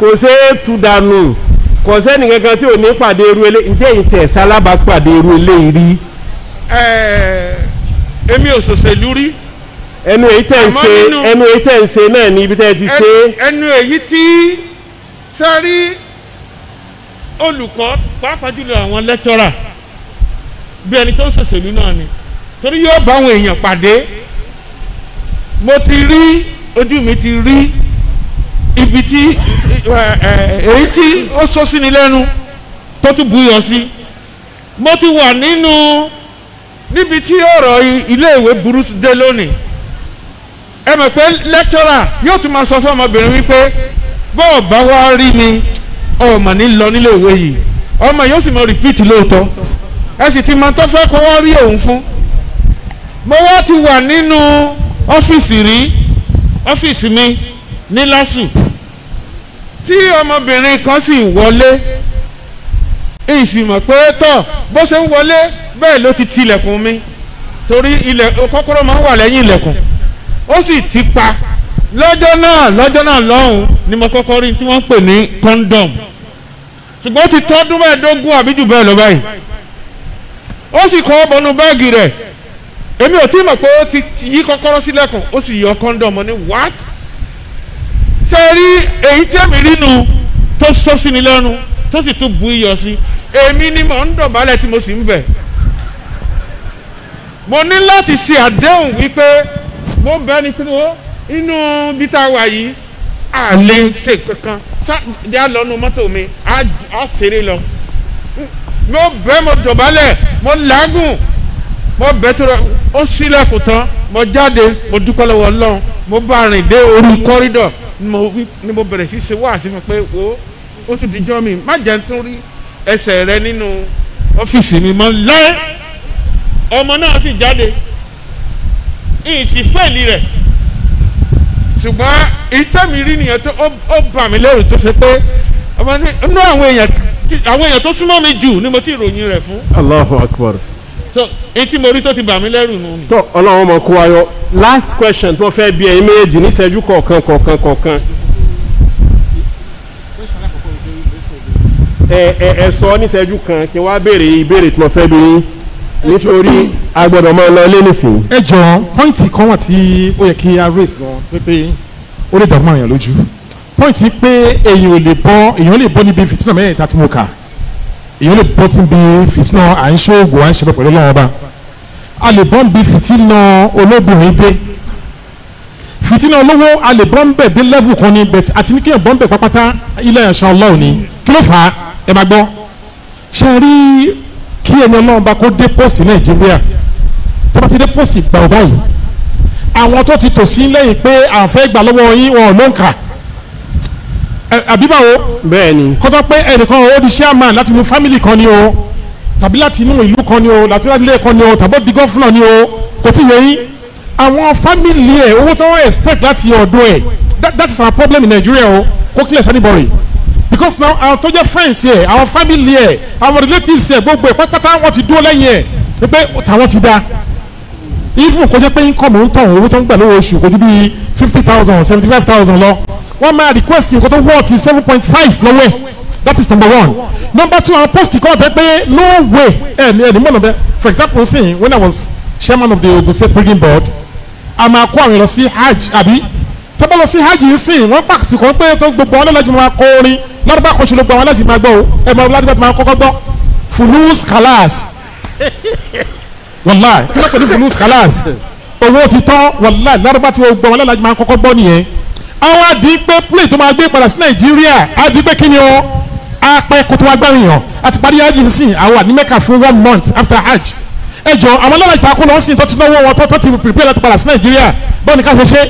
S2: kò ṣeé tu dànù kò sẹ́ni kankan tí ò ní pàdé irú eléyìí ǹjẹ́ yìí tẹ̀ sálábà pàdé irú eléyìí rí. ẹ̀ẹ́ èmi ò ṣòṣèlú rí ẹnu èyí tẹ̀ ń se, ẹnu èyí tẹ̀ ń ṣe náà ní ibi tẹ́ ẹ ti ṣe. ẹnu èyí tí sẹ́rí olùkọ́ pàápàá jùlọ àwọn lẹ́tọ́rà bí ẹni tó ń ṣèṣèlú náà ni torí yóò bá àwọn èèyàn pàdé mo ti rí ojú mi ti rí ibi tí èyí tí ó sọ sí ni lẹ́nu tó tún buyọ̀ sí mo ti wà nínú níbi tí ọ̀rọ̀ iléèwé burú dé lónìí ẹ mọ̀ pé lẹ́kítọ́rà yóò tún máa sọ fún ọmọbìnrin wípé bọ́ọ̀ bá wá rí mi ọmọ ní lọ nílé ìwé yìí ọmọ yóò sì mọ rìpíìtì lóòótọ́ ẹ sì ti máa tọ́ fẹ́ kó wá rí òun fún mo wá ti wà nínú ọ́fíìsì rí ọ́fíìsì mi ní lásù tí ọmọbìnrin kan sì wọlé ìsìmọ̀ pé tọ̀ bó ṣe ń wọlé bẹ́ẹ̀ ló ti tilẹ̀kùn mi torí ilẹ̀ kọ́kọ́rọ́ máa ń wà lẹ́yìn ilẹ̀kùn ó sì ti pa lọ́jọ́ náà lọ́jọ́ náà lọ́hùn ni mo kọ́kọ́ rí tí wọ́n ń pè ní condom ṣùgbọ́n ó ti tọ́dún mẹ́ẹ̀ẹ́dógún àbí jù bẹ́ẹ̀ lọ báyìí ó sì kọ́ bọnú báàgì rẹ̀ èmi ò tí mọ̀ pé ó ti yí kọ́kọ́rọ́ sílẹ̀kùn ó sì yọ condom ní what ṣe rí èyí tẹ̀mí rínu tó sọ́sí ni lẹ́nu tó sì tún bu iyọ̀ sí èmi ni mò ń dọ̀bálẹ̀ tí mo sì ń bẹ̀ mo ní láti ṣe àdéhùn wípé mo bẹ́ẹ̀ ni pé inú bí tá a wà yìí a lè ṣe kankan sáàdì àlọ́nu mọ́tò mi a ṣeré lọ mo bẹ́ẹ̀ mo dọ̀bálẹ̀ mo làágùn mo bẹ́ẹ̀ tó rọ ó sílẹ̀kùn tán mo jáde mo dúpẹ́ lọ́wọ́ ọlọ́run mo bá rìn dé orí kọ́rídọ̀ ni mo bẹ̀rẹ̀ sí ṣe wáàsí fún pé o ó tún dijọ́ mi má jẹ́ tún rí ẹsẹ̀ rẹ nínú ọ́fíìsì mi mọ́ lẹ́ ọmọ náà sì jáde ìsì fẹ́ẹ̀lì rẹ̀ ṣùgbọ́n ìtẹ́mi rí nìyẹn tó ó bà mí lẹ́rù tó ṣe pé inú àwọn èèyàn àwọn èèyàn tó súnmọ́ mi jù ni mo ti ròyìn rẹ̀ fún. Allahu Akbar. so etí mo rí tó ti bà mí lẹ́rù nù. tọ́ ọlọ́run ọmọ kó wa yọ last question tó fẹ́ bí ẹ̀yin méjèèjì níṣẹ́jú kọ̀ọ̀kan kọ̀ọ̀kan kọ̀ọ̀kan. ẹ ẹ ẹ sọ níṣẹ́jú kan kí wọ́n á béèrè ìbéèrè tí mo fẹ́ bí yín nítorí a gbọ́dọ̀ mọ lọ lé nísìnyí. ẹ jọ pọ́ìntì kan wà tí ó yẹ kí a raise gan pépé ó lè dọ̀gbọ́n èèyàn lójú pọ́ìntì pé èèyàn ò lè bọ́ èèyàn lè bọ́ níbi fìtínà mẹ́rẹ̀ẹ́ta tí mo kà èèyàn lè bọ́ níbi fìtínà à ń ṣoògùn à ń ṣẹbẹ̀ pẹ̀lú ọlọ́wọ́n ọba a lè bọ́ níbi fìtínà olóbìnrin dé fìtínà olówó a lè bọ́ níbẹ̀ dé level kan ní bẹ̀t àti ní kéèyàn bọ́ níbẹ̀ pápátá ilé ẹ̀ṣọ́ ọlọ́run ni kí ló fà á ẹ máa gbọ́ ṣe rí kí ẹni ọlọ́run bá kó dé post ní nàìjíríà tó bá ti dé pósìtì gbà ọ̀ báyìí àwọn tó ti tò sí lẹ́yìn pé à ń fẹ́ gbà lọ́wọ́ yín wọn ò ló ń kà àbíbáwo bẹ́ẹ̀ni kọ́tọ́ pé ẹnìkan ó di chairman láti mú family kan ni o tàbí láti inú ìlú kan ni o láti ilé kan ni o tàbí di gọ́fúnà ni o kò tí yẹ yín àwọn family ẹ̀ owó tó wọ́n expect láti ọ̀dọ̀ ẹ̀ that is our problem in Nigeria o kó kílẹ̀ sanibọ̀rì because now àwọn tó jẹ́ friends ẹ̀ àwọn family ẹ̀ àwọn relatives ẹ̀ gbogbo ẹ̀ pátápátá wọ́n ti dúró lẹ́yìn ẹ̀ pé tàwọn ti dáa even kò jẹ́ pé income ń tàn owó tó ń gbà lówó oṣù kò ju bíi fifty thousand or seventy five thousand lọ wọ́n máa request nǹkan tó worth seven point five lọ́wọ́ ẹ̀ that is number one number two àwọn post kan tẹ pé no way ẹ ní ẹni mọ̀nà bẹ́ẹ̀ for example sin when I was chairman of the Ogun State Pilgrim Board a máa kó àwọn lọ sí hajj àbí tó bá lọ sí hajj ń sìn wọ́n pàṣẹ kan pé tó gbogbo àwọn alájùmọ̀ máa kọ orin lọ́dọ̀bá kan ṣe ló gbọ́ àwọn alájùmọ̀ máa gbọ́ o ẹ̀ máa ládùúgbò máa kọ́kọ́ gbọ́ fulus kalas wàláì kí ló pè ní fulus kalas owó ti tán wàláì lárúbá tí wọ́n gbọ́ wọn lálàjì máa kọ́kọ́ gbọ́ nìyẹn àwọn àdí pé plane tó máa gbé padà sí nàìjíríà àdí pé ni o apẹ kótó agbárin yàn àti parí hajj nsìn àwọn àní mẹ́ka fún one month after hajj ẹ jọ àwọn lọ́la ìtakùn lọ́wọ́ sí tó ti náwó wọn ti prepare láti padà sí nàìjíríà bọ́ọ̀ ni ká ṣe ṣe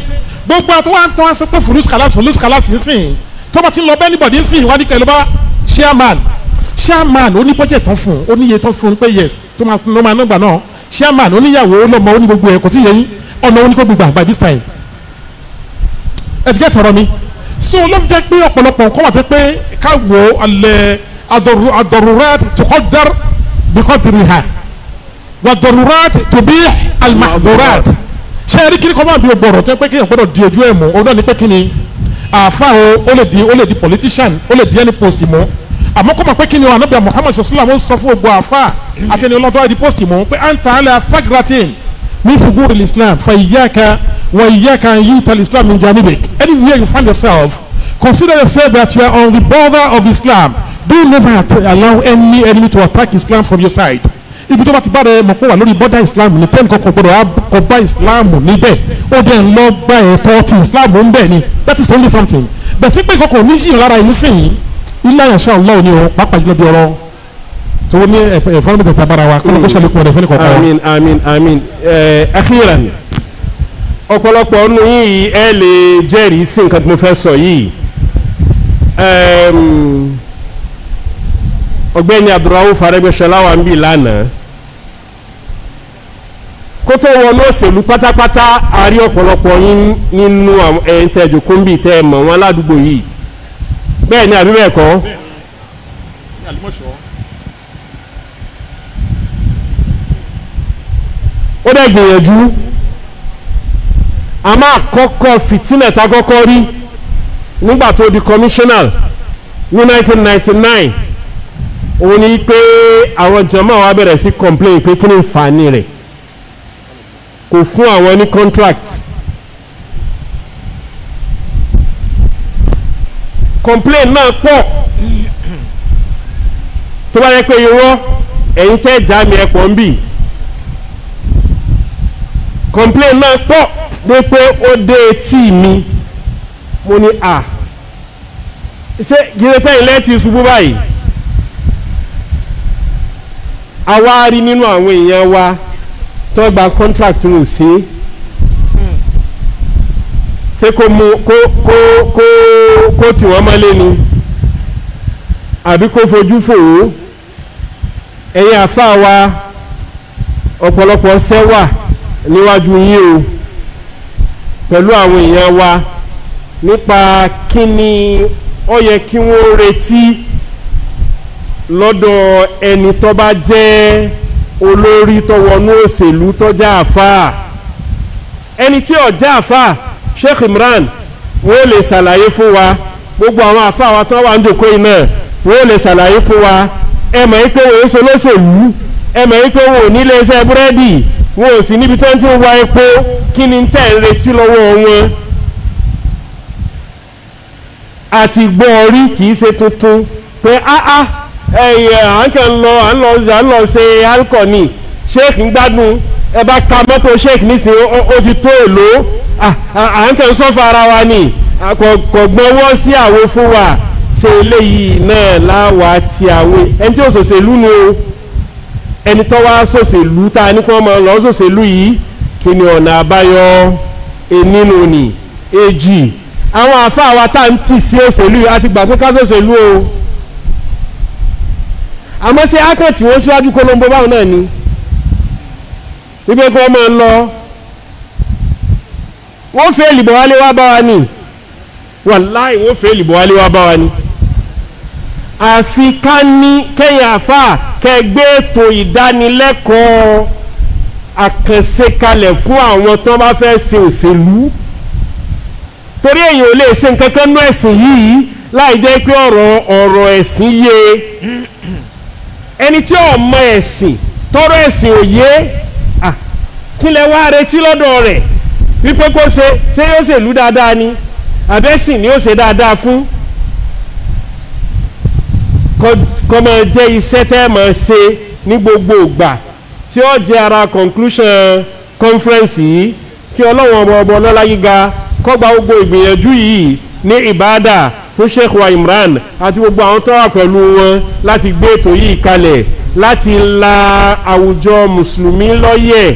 S2: gbogbo àti wọn tó wá sọ pé fulus kalas fulus kalas nsìn tó bá ti lọ bẹ́ẹ̀ níbọ̀dí nsìn wá ní kẹlẹ́ bá chairman chairman ó ní budget tán fún ó ní iye tán fún pé yes tó máa nọ́gbà náà chairman oníyàwó lọ́mọ oní gbogbo ẹ̀kọ́ tí yẹn ọ̀nà oní gbogbo gbà by this time ẹ̀dígẹ́ tọrọ mi so ló jẹ́ pé ọ̀pọ̀lọpọ̀ nǹkan wà tó pé ká wo alẹ́ adọ̀rùrẹ́ tukọ́dẹ́r bíkọ́bìrì ha wà dọ̀rùrẹ́ tóbi alimahdurat ṣé ẹni kiri kọ́mọ́ àbí ọgbọ̀rọ̀ tó pé kéèyàn gbọ́dọ̀ di ojú ẹ̀ mọ́ ọdún ni pé kí ni àáfà o ó lè di ó lè di politician ó lè di any post mọ́ àmọ́ kọ́mọ́ pé kí ni ọ̀nàbíà Muhammad sọ̀sílà ń sọ fún gbogbo àáfà àti ẹni ọlọ́tọ́ ẹ̀dí post mọ́ pé à ń tàn án lẹ́ fagratin min fuguril islam fa iyyaka wa iyyaka an yuta islam min janibik anywhere you find yourself consider yourself that you are on the border of islam don't never allow any enemy to attack islam from your side ibi tó bá ti bá rẹ mọ̀ pé wà lórí bọ́dà islam ní pẹ́ẹ́nì kankan gbọ́dọ̀ kọ bá islam níbẹ̀ ó dẹ̀ ń lọ gba ẹ̀tọ́ ti islam ń bẹ̀ ni that is only something bẹ̀tí pé kankan oníṣìyàn lára yìí sìn yìí ilé àyànṣe allah ni o pàápàá jùlọ bí ọ̀rọ̀ kó ní ẹ̀fọ́n mi eh, eh, tẹ̀tà bára wa kọ́lọ́ kó sọ̀lẹ̀ kún ọ̀dẹ̀ fẹ́lẹ̀ kọ̀ọ̀kan wa. àmín àmín àmín ẹ̀ akhiran ọ̀pọ̀lọpọ̀ ọ̀nù yìí ẹ lè jẹ́rìí sí nǹkan tí mo fẹ́ sọ yìí ọ̀gbẹ́ni Abdulrauf Arẹ́gbẹ́ṣọlá wà ń bì lánàá kó tó wọnú òṣèlú pátápátá a ọ̀pọ̀lọpọ̀ yín nínú ẹ̀yìn tẹ́jọ tẹ́ ẹ mọ̀ wọn ládùúgbò yìí bẹ́ẹ̀ ni àbí bẹ́ẹ̀ kọ́ ó dẹ̀ gbìyànjú a máa kọ́kọ́ fìtílẹ̀ tá a kọ́kọ́ rí nígbà tó di commissioner ní 1999 òun ni pé àwọn jama wa bẹ̀rẹ̀ sí complain pé kí ni nfààní rẹ̀ kò fún àwọn ní contract complain náà pọ̀ tó bá yẹ pé irọ́ ẹ̀yin tẹ́ jáàmì ẹ̀pọ̀ ń bì complain náà pọ̀ dé pé ó dé etí mi mo ní à ṣé gíre pé ilé ti ṣubú báyìí àwa rí nínú àwọn èèyàn wa tó gba contract wọn ò sí ṣé kó mú kó kó kó kó tì wọ́n mọ́lé ni àbí kó fojú fò ó ẹ̀yin àfa wa ọ̀pọ̀lọpọ̀ ṣẹ́ wà níwájú yín o pẹ̀lú àwọn èèyàn wa nípa kí ni ó yẹ kí wọ́n retí lọ́dọ̀ ẹni tó bá jẹ́ olórí tó wọnú òṣèlú tó já àfáà ẹni tí ó já àfáà Sheikh Imran wọ́n lè ṣàlàyé fún wa gbogbo àwọn àfáà wa tó wà ń jòkó iná wọ́n lè ṣàlàyé fún wa ẹ mọ̀ yí pé wọ́n ń ṣe olóṣèlú ẹ mọ̀ yí pé wọ́n ò ní lè búrẹ́dì wọn ò sì níbi tó ń ti wá epo kí ni tẹ́ ń retí lọ́wọ́ wọn àti gbọ́ orí kì í ṣe tuntun pé áá ah, ah, ẹ̀yẹ à ń kàn lọ à ń lọ à ń lọ ṣe alkọ̀nì sheik ń gbádùn ẹ bá ka mọ́tò sheik nísìnyí ó ti tó èlò à ń kàn sọ́fà ara wa ni kò gbọ́wọ́ sí àwo fún wa ṣe eléyìí náà láwa ti àwe ẹni tí ó ṣòṣèlú nu o ẹni tó wá sòṣèlú tá a ní kí wọ́n máa lọ sòṣèlú yìí kí ni ọ̀nà àbáyọ nínú ni èjì àwọn àfáà wa tá à ń tì sí òṣèlú yìí àti gbà pé ká sòṣèlú o àmọ́ sí akẹ́ tí wọ́n síwájú kolombo báwọn náà ni wípé kí wọ́n máa lọ wọ́n fẹ́ẹ́ lìbọ̀ wálé wá bá wa ni wàláì wọ́n fẹ́ẹ́ lìbọ̀ wálé wá bá wa ni àfi ká ní kẹ́yìn àfà kẹgbẹ́ ètò ìdánilẹ́kọ̀ọ́ àkànṣe kalẹ̀ fún àwọn tó bá fẹ́ ṣe òṣèlú torí èyàn ò lè ṣe nǹkan kan nú ẹ̀sìn yìí láì jẹ́ pé ọ̀rọ̀ ọ̀rọ̀ ẹ̀sìn yé ẹni tí ò mọ ẹ̀sìn tọrọ ẹ̀sìn òye kí lẹ wá retí lọ́dọ̀ rẹ̀ wípé kó ṣe ṣé yóò ṣèlú dáadáa ni àbẹ́sìn ni ó ṣe dáadáa fún kọ́ máa jẹ́ iṣẹ́ tẹ́ máa ṣe ní gbogbo ìgbà tí ó jẹ́ ara conclusion conference yìí kí ọlọ́wọ́n ọmọ ọmọ ọlọ́lá gíga kọ́gba gbogbo ìgbìyànjú yìí ní ìbáàdà fún sheikh wa imran àti gbogbo àwọn tó wà pẹ̀lú wọn láti gbé ètò yìí kalẹ̀ láti la àwùjọ mùsùlùmí lọ́yẹ̀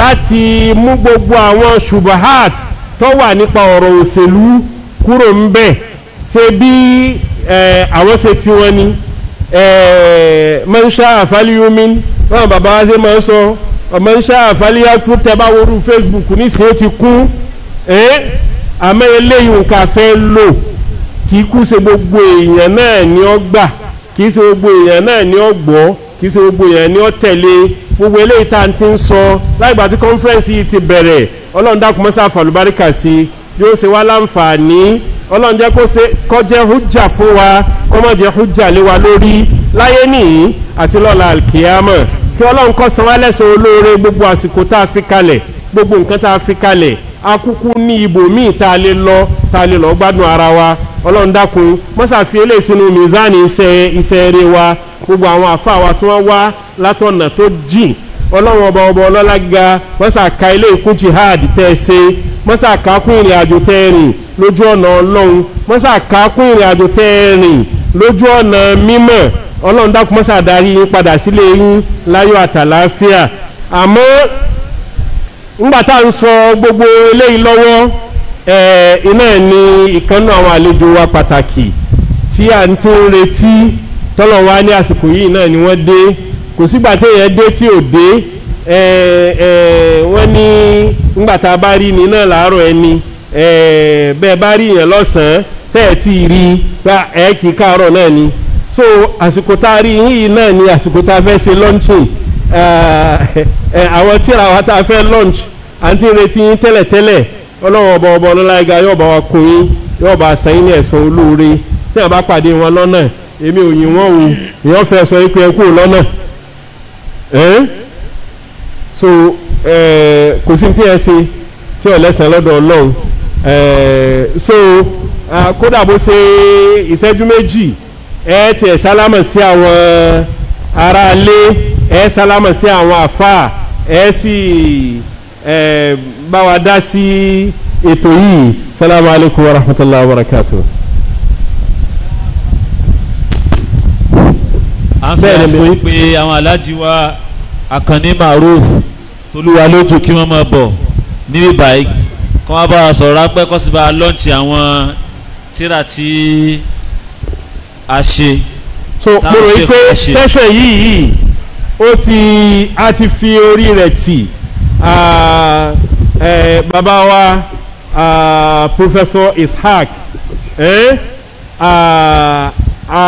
S2: láti mú gbogbo àwọn subahat tó wà nípa ọ̀rọ̀ òṣèlú kúrò ń bẹ̀ ṣe bí àwọn ṣe tiwọn ni. Eh, mọ́ńṣá àfálíyómin báwọn bàbá wa ṣe máa ń sọ ọmọọṣẹ́ àfálíyá tún tẹ bá wọrú Facebook nísìnyí ó ti kú eh, àmọ́ eléyìí nǹkan fẹ́ lò kì í kú ṣe gbogbo èèyàn náà ni ó gbà kì í ṣe gbogbo èèyàn náà ni ó gbọ́ kì í ṣe gbogbo èèyàn ni ó tẹ̀lé gbogbo eléyìí tá à ń ti ń sọ láìgbà tí kọ́nfẹ́rẹ́nsì yìí ti bẹ̀rẹ̀ ọlọ́run dákun àfàlùbáríkà sí yóò ṣe wá láǹfààní ọlọ́run jẹ́ kó ṣe kọjẹ́ hújà fún wa kọ́mọ̀jẹ́ hújà lé wa lórí láyé nìyí àti lọ́la alkiyama kí ọlọ́run kó san wá lẹ́san olóore gbogbo àsìkò tá a fi kalẹ̀ gbogbo nǹkan tá a fi kalẹ̀ akuku ní ibòmíì tá a lè lọ tá a lè lọ gbádùn ara wa ọlọ́run dákun mọ́sàfi eléyìí sínú mizani iṣẹ́ iṣẹ́ rẹ wa gbogbo àwọn àfa wa tí wọ́n wá látọ̀nà tó jìn ọlọ́run ọba ọba ọlọ́lá gíga mọ́sàka ilé ìkú jihad tẹ́ ẹ ṣe mọ́sà ká kún ìrìn àjò tẹ́ẹ̀rìn lójú ọ̀nà ọlọ́run mọ́sà ká kún ìrìn àjò tẹ́ẹ̀rìn lójú ọ̀nà mímọ́ ọlọ́run dákun mọ́sà darí yín padà sílé yín àtàláfíà àmọ́ ńgbà sọ gbogbo eléyìí lọ́wọ́ iná ẹ̀ ní àwọn àlejò wa pàtàkì tí à ń retí tọ́lọ̀ ní àsìkò yìí náà ni wọ́n wọ́n ní ńgbà bá rí ni náà làárọ̀ ẹni bẹ́ẹ̀ bá rí yẹn lọ́sàn-án tẹ́ ẹ̀ tí ì rí gba ẹ̀ kì í káàárọ̀ náà ni so àsìkò tá a rí yìí náà ni àsìkò tá a fẹ́ ṣe launching àwọn tíra wa tá a fẹ́ launch àti retí yín tẹ́lẹ̀tẹ́lẹ̀ ọlọ́wọ́ ọba ọba ọlọ́láyéga yóò bá wa kó yín yóò bá san yín ní olóore tí wọ́n bá pàdé wọn lọ́nà èmi ò yìn wọ́n o èèyàn fẹ́ sọ ikú ẹ kú lọ́nà. so kò sí tí ẹ ṣe tí ò lẹ́sẹ̀ lọ́dọ̀ ọlọ́run so kódà bó ṣe ìṣẹ́jú méjì ẹ tiẹ̀ sálámọ̀ sí àwọn aráalé ẹ sálámọ̀ sí àwọn àfáà ẹ sì bá wa dá sí ètò yìí salamu alaykum wa rahmatulahi wa barakatuh.
S3: a fẹ́ sọ pé àwọn alájí wa. Àkànní Maruf tolúwa lójú kí wọ́n máa bọ̀ níbí báyìí kọ́ wá bá wa sọ̀rọ̀ rápẹ́ kọ́ sí bá a lọ́ọ̀tì àwọn tíra tí a ṣe. so mo rò wípé sẹ́sẹ̀
S2: yìí yìí ó ti a ti fi orí rẹ̀ tì bàbá wa Professor Ishaq eh? uh,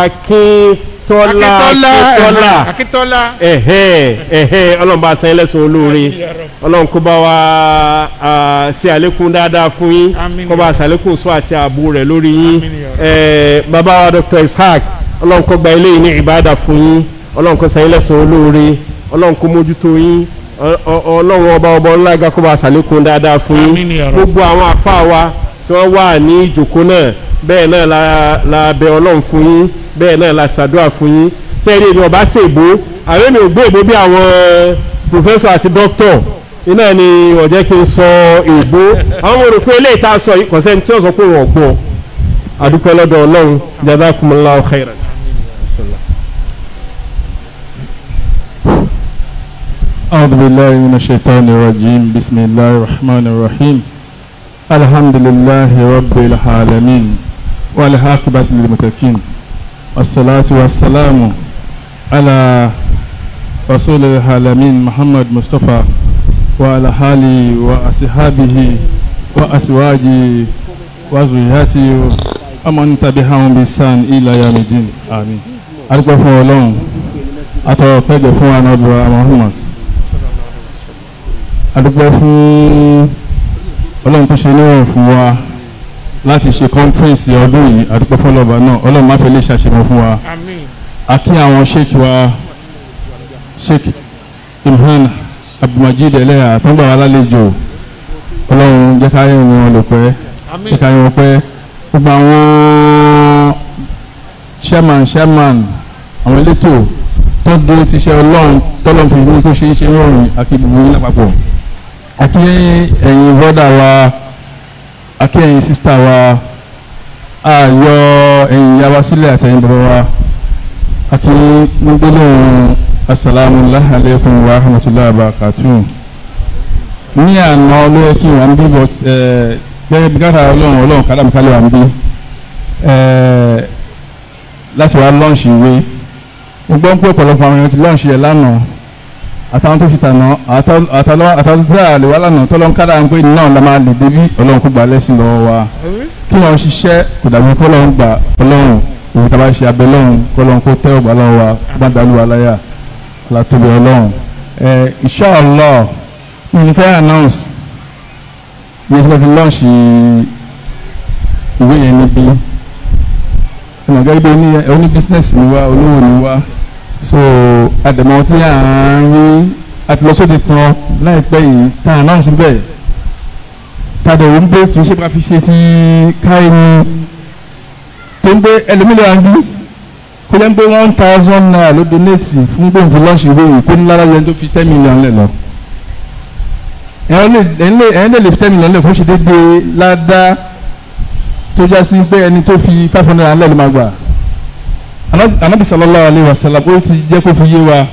S2: Akin
S1: akitọ́lá akitọ́lá
S2: akitọ́lá ẹ̀hẹ́ eh, ẹ̀hẹ́ ọlọ́run bá san ẹlẹ́sùn olóore ọlọ́run kó bá wa ṣe àlékún dáadáa fún yín kó bá ṣàlékún sọ àti ààbò rẹ̀ lórí yín eh, bàbá dr Isaac. ọlọ́run kó gba ilé yìí ní ìbáàdà fún yín ọlọ́run kó san ẹlẹ́sùn olóore ọlọ́run kó mójútó yín ọlọ́run ọba ọba ńlá kó bá ṣàlékún dáadáa fún yín gbogbo àwọn àfáà tí wọ́n wà ní ìjòkó náà bẹ́ẹ̀ náà la la bẹ ọlọ́run fún yín bẹ́ẹ̀ náà la ṣàdúrà fún yín sẹ́yìn èmi ọba ṣègbó àwọn èmi ò gbé ègbó bí àwọn pòfẹ́sọ̀ àti dókítọ̀ iná ni ọ̀jẹ́ kí n sọ ègbó àwọn ọmọ òrùkú eléyìí tá a sọ yìí kọ̀sẹ́ tí wọ́n sọ pé wọ́n gbọ́ àdúpẹ́ lọ́dọ̀ ọlọ́run jazakumullahu khairan. أعوذ بالله من الشيطان الرجيم بسم الله الرحمن الرحيم الحمد لله رب العالمين والعاقبة للمتقين والصلاة والسلام على رسول العالمين محمد مصطفى وعلى آله وأصحابه وأزواجه وذريته ومن تبعهم بإحسان إلى يوم الدين آمين أرجو فún Ọlọ́run atọrọ pẹjọ fún anabiwa Muhammad adúpẹ́ fún ọlọ́run tó ṣe níwọ̀n fún wa láti ṣe conference ọdún yìí àdúpẹ́ fọlọ́ba náà ọlọ́run má fẹ́ lè ṣàṣemọ fún wa a kí àwọn sheik wa sheik imhan abdulmajid ẹlẹ́yà àtọ́gbà wa lálejò ọlọ́run jẹ́ káyọ̀ ni wọn lò pẹ́ jẹ́ káyọ̀ wọn pẹ́ gbogbo àwọn chairman chairman àwọn elétò tó ti ṣe ọlọ́run tọ́lọ́ fi ní kó ṣe é ṣe ń rọrùn àkíndùn ní lápapọ̀ àkí ẹ̀yin bọ́dà wa àkí ẹ̀yin sísítà wa a yọ ẹ̀yin yá wa sílẹ̀ àtẹ̀yin bàbá wa àkí nígbélóhùn asalaamu alaykum wa rahmatulahi wa barakatuhu ní àná ló yẹ kí wọn bí bọ ẹ gẹ́gẹ́ bí káta Ọlọ́run Ọlọ́run kálámùkálẹ wà ń bí eh, ẹ eh, láti wá lọ́ọ̀ṣì ìwé mo pé ọ̀pọ̀lọpọ̀ àwọn èèyàn ti lọ́ọ̀ṣì ẹ̀ lánàá àtàwọn tó ti tànà àtàwọn tó tà lè wá lànà tó lọ́n kára ń pè náà la máa lè débí ọlọ́run kó gbà lẹ́sìn lọ́wọ́ wa kí wọ́n ṣiṣẹ́ kò dàbí kó lọ́n gbà ọlọ́run òun tàbá ṣe abẹ lọ́run kó lọ́n kó tẹ́ ọ̀gbà lọ́wọ́ wa gbà dàlú wa láyà látòbí ọlọ́run ẹ inshallah mi ní fẹ́ announce yẹn tí wọ́n fi lọ́ọ̀ṣì ìwé yẹn níbí ẹ̀ mọ̀ gẹ́gẹ́ bí oní business ni wá olówó ni wá so àdèmọ tí à ń rí àtìlọsóde kan láìpẹ́ yìí tá à ń láǹsì bẹ́ẹ̀ tàdé òun pé kì í ṣe bá fi ṣe ti káyìn tó ń gbé ẹlòmílẹ̀ àgbí kó jẹ́ ń gbé one thousand naira ló donate fún gbòǹfò lọ́ọ̀ṣì ròyìn kó ní lára yẹn tó fi ten million lẹ̀ lọ ẹ̀yìn lè lè fi ten million lẹ̀ kó ṣe déédéé ládàá tó já sí pé ẹni tó fi five hundred naira lẹ̀ ló máa gbà anabi sallallahu alayhi wa sallam ó ti jẹ́ kó fi yé wa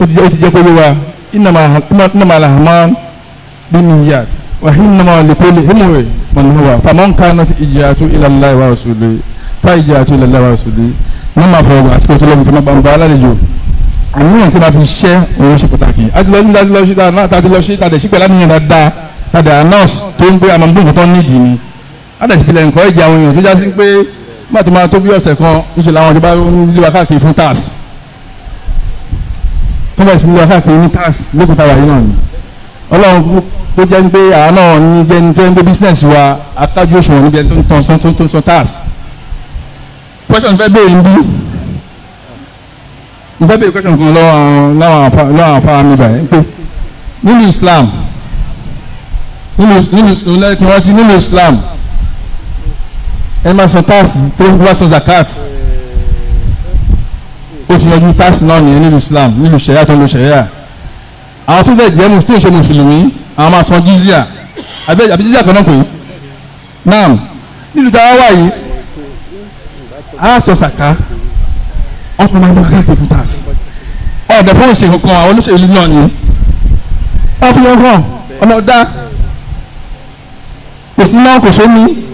S2: ó ti jẹ́ kó yé wa innama alahman biniyat wa innama likuli himwe manuwa faman kana ti ijatu ilallahi wa rasuli fa ijatu ilallahi wa rasuli ní ma fọ àsìkò tó lọ́gbọ̀n tó ma gbàǹgbà alálejò àníyàn tí ma fi ṣiṣẹ́ òun ṣe pàtàkì adilọ́sí adilọ́sí dáadáa adilọ́sí dáadáa ṣípẹ́ láníyàn dáadáa dáadáa nọ́ọ̀sì tó ń gbé amambóǹkó tó ń nídìí ni adàtí filẹ̀ nǹkan ẹ̀jẹ̀ àwọn èèyàn tó já sí pé nígbà tó máa tó bí ọ̀sẹ̀ kan níṣẹ́ làwọn ìjọba ń lé wa káàkiri fún tax tó bẹ̀rẹ̀ sí lé wa káàkiri ní tax lókun táwa yìí náà ni ọlọ́run ó jẹ́ pé àwa náà ní jẹ́ ní jẹ́ ní business wa akájú òṣùwọ̀n níbi ẹni tó ń tan san tó ń san tax question fẹ́ béèrè ń bí n fẹ́ béèrè question kan lọ́wọ́ àwọn afárá mi báyìí pé nínú Islam nínú nínú nínú Islam. Nínú, nínú, nínú, nínú, nínú, nínú, nínú, nínú, ẹ máa san táàsì tó wá san zakat ó ti yanjú táàsì náà nìyẹn nílùú Islam nílùú sẹ̀yà tó ń lo sẹ̀yà àwọn tó dẹ̀ jẹ́ mùsùlùmí ṣe mùsùlùmí àwọn máa san jizya àbí jizya kan náà pè é naam nílùú tá a wà yìí a sọ sàká ọkùnrin máa ń lọ káàkiri fún táàsì ọ̀dẹ̀ fún òṣèlú kan àwọn olóṣèlú náà ni wọ́n fi wọn hàn ọ̀nà ọ̀dá kò sí náà kò sómi.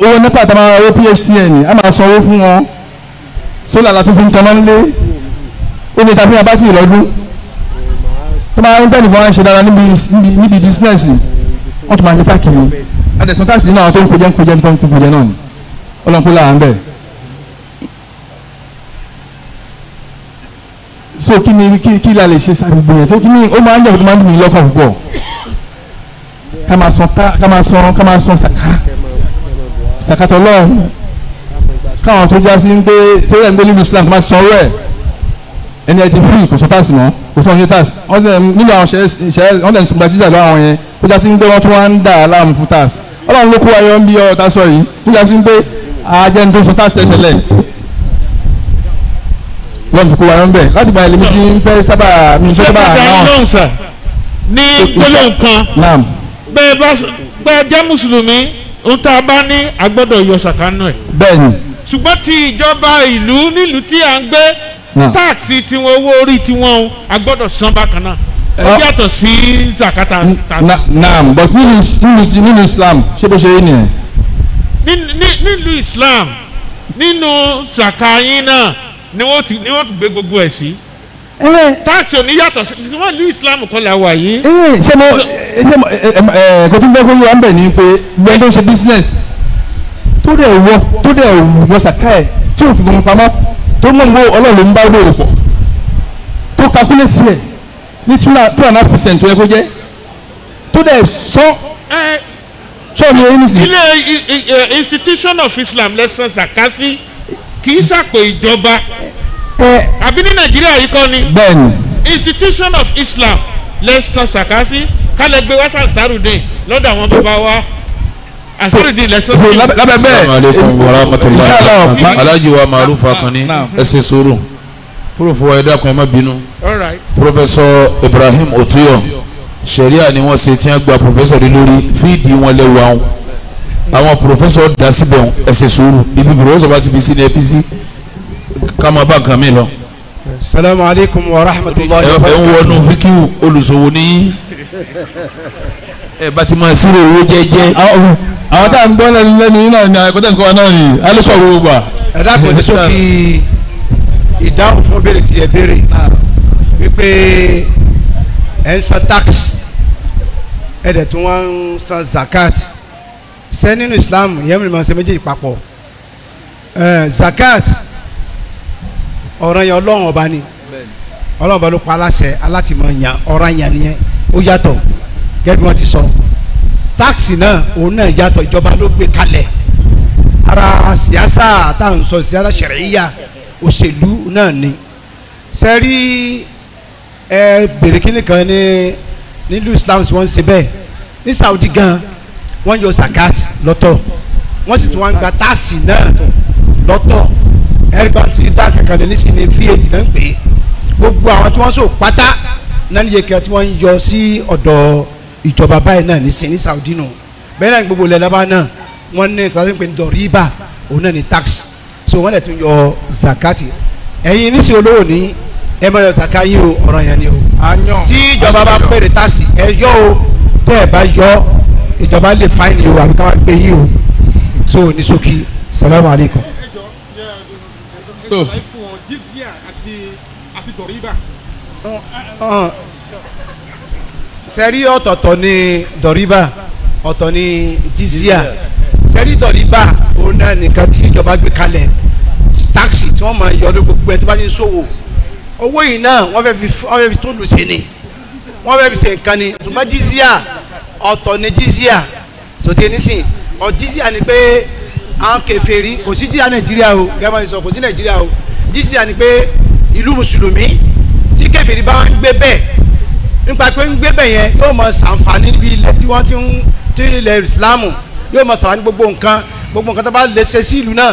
S2: owó nípa àtàwọn ará owó PHCN a máa san owó fún wọn sólà la tún fi ń tọ́nà ń lé omi ta fi hàn bátìrì lọ́dún tó máa ń bẹ́ẹ̀ni fún wa ń ṣe dára níbi bísínẹ́sì wọ́n tún máa ń nípa kiri adẹ̀sán táàsì nínú àwọn tó ń kojẹ́ ń kojẹ́ ń tó ń tún kojẹ́ náà ni ọlọ́nkú là ń bẹ̀. so kí ni kí kí la lè ṣe sàgbègbè yẹn tó kí ni ó máa ń jẹ́ kó tó máa ń dùn mí lọ́kàn púpọ̀ ká máa sọ ká máa sọ ká máa sọ sàkà sàkàtọ̀ lọ́hùn káwọn tó já sí ń gbé tó yẹ ń gbé nínú Islam máa sọ wẹ́ẹ̀ ẹni ẹ ti free kò sọ táàsì mọ́ kò sọ ọ̀nyẹ́ táàsì wọ́n tẹ̀ nílò àwọn ṣẹ́ wọ́n tẹ̀ ń sùgbàjísà lọ́wọ́ àwọn yẹn tó já sí ń gbé wọ́n tún wá ń dà aláàmù fún táàsì ọlọ́run ló kó ayọ́ ń bí ọ ta sọ yìí tó já sí ń gbé ajẹ́ni tó sọ táàsì tẹ̀tẹ̀lẹ̀ lọ́n fi kó ayọ́ ń bẹ̀ láti gba ẹlẹ́mi tí ń fẹ́ sábà mi sábà náà ní gbólóǹkan bẹ́ẹ̀ jẹ́ mùsùlùmí ohun tá a bá ní a gbọ́dọ̀ yọ sàkánú ẹ̀. bẹ́ẹ̀ni. ṣùgbọ́n ti ìjọba ìlú nílùú tí à ń gbé táàsì tiwọn owó orí tiwọn a gbọ́dọ̀ san bákan náà ó yàtọ̀ sí zakata. naam but nínú islam ṣé bó ṣe yé nìyẹn. nílùú islam nínú zaka yín náà ni wọ́n ti gbé gbogbo ẹ̀ sí tax ò ní yàtọ̀ sí wọn ní islam kọ́ la wà yìí. ṣé mo ṣé mo kò tún fẹ́ kó yọ ọ́nbẹ̀ ni pé gbẹ́ni tó ń ṣe business tó dẹ̀ wọ tó dẹ̀ wọ sàkà ẹ̀ tí ò fi gbọmọ pamọ́ tó mọ̀ nígbà ọlọ́run ń bá owó rẹ̀ pọ̀ tó calculate ẹ̀ ní two and a half percent tó yẹ kó jẹ́ tó dẹ̀ sọ ṣọ́ mi ẹni sí. ilé institution of islam lẹ́sàn-án sàkásí kì í sàpò ìjọba àbí ní nàìjíríà yìí kọ́ ni. bẹ́ẹ̀ni. institution of islam lẹ́sàn sàkásí kálẹ̀ gbé wá sàrúdé lọ́dọ̀ àwọn bàbá wa àsọ̀rọ̀dì lẹ́sàn sí. lábẹ́ bẹ́ẹ̀ inshallah alhaji wa maruf akanni ẹ ṣe sùúrù púròfù wa ẹ dákun ẹ má bínú pòfẹsọ ibrahim otuyo sẹ̀ríà ni wọ́n ṣe tí wọ́n gba pòfẹsọ rí lórí fíìdì wọn lẹ́wọ̀ àwọn àwọn pòfẹsọ dá síbẹ̀ ẹ ṣe sùúrù ibi pòfẹsọ bá ti fi sí ní ẹ fi sí ká máa bá nǹkan mi lọ. salamu alaykum wa rahmatulahi wa barakatuh. ẹ ń wọnú fíkìwù olùsòwò ní ẹ bá ti máa sírò
S6: owó jẹ́jẹ́. àwọn tá à ń gbọ́ lẹ́nu lẹ́nu yìí náà ni àìkọ́tẹ́ nǹkan wa náà ni alẹ́sọ̀rọ̀ owó gbà. ẹ dákun ní sọ́kì ìdáhùn fún béèrè tí ẹ béèrè wípé ẹ ń san tax ẹ dẹ̀ tún wá ń san zakat ṣé nínú Islam ìyẹn mi máa ń ṣe méjèèjì papọ̀ zakat. Uh, ọ̀ràn yẹn ọlọ́run ọba ni ọlọ́run ọba ló pa aláṣẹ alátìmọ̀ yàn ọ̀ràn yàn nìyẹn ó yàtọ̀ gẹ́gẹ́ bí wọ́n ti sọ táàkì náà òun náà yàtọ̀ ìjọba ló gbé kalẹ̀ ara síyásà tá à ń sọ síyásà òṣèlú náà ni sẹ́rí ẹ bèrè kí ní nílùú Islam tí wọ́n ń ṣe bẹ́ẹ̀ ní Saudi gan wọ́n yọ zakat lọ́tọ̀ wọ́n sì tún wá ń gba táàsì náà lọ́tọ̀ ẹgbẹ́ ti dá kankan lè nísìnyí vat náà ń pè é gbogbo àwọn tí wọ́n sọ pátá náà níye kan tí wọ́n ń yọ sí ọ̀dọ̀ ìjọba báyìí náà nísìnyí ní Saudi nù bẹ́ẹ̀ náà gbogbo ilẹ̀ lábá náà wọ́n ní ìtọ́jú pé dọ̀ríbà òun náà ní tax so wọ́n lè tún yọ zakati ẹ̀yin nísìnyí olówó ní ẹ máa yọ zaka yín o ọ̀ràn yẹn ni o tí ìjọba bá pèrè táàsì ẹ yọ o tẹ́ ẹ bá yọ ìjọba lè fáìnì o àbíká wá gbé yín o so ní ṣókí salamu alaykum ẹ ṣàlàyé
S2: fún wọn jizya àti àti dọ̀ríbà.
S6: Uh, uh, sẹ́rí ọ̀tọ̀ọ̀tọ̀ ni dọ̀ríbà ọ̀tọ̀ ni jizya sẹ́rí dọ̀ríbà òun náà nìkan tí ìjọba gbé kalẹ̀ táksì tí wọ́n máa yọ ní gbogbo ẹ̀ tó bá ti ń ṣòwò owó yìí náà wọ́n fẹ́ fi wọ́n fẹ́ fi tó lù sí ni wọ́n fẹ́ fi ṣe nǹkan ni ṣùgbọ́n jizya ọ̀tọ̀ ni jizya sòtẹ́ nísìn ọ̀ jizya ni pé àwọn kèfèrí kò sí jíjà nàìjíríà o gẹ́gẹ́ bí sọ kò sí nàìjíríà o jíjà ni pé ìlú mùsùlùmí tí kèfèrí bá ń gbé bẹ́ẹ̀ nípa pé ń gbé bẹ́ẹ̀ yẹn yóò mọ sàǹfààní níbi ilẹ̀ tí wọ́n ti ń tí ilẹ̀ ìsìlámù yóò mọ sàǹfààní gbogbo nǹkan gbogbo nǹkan tó bá lè ṣe sí ìlú náà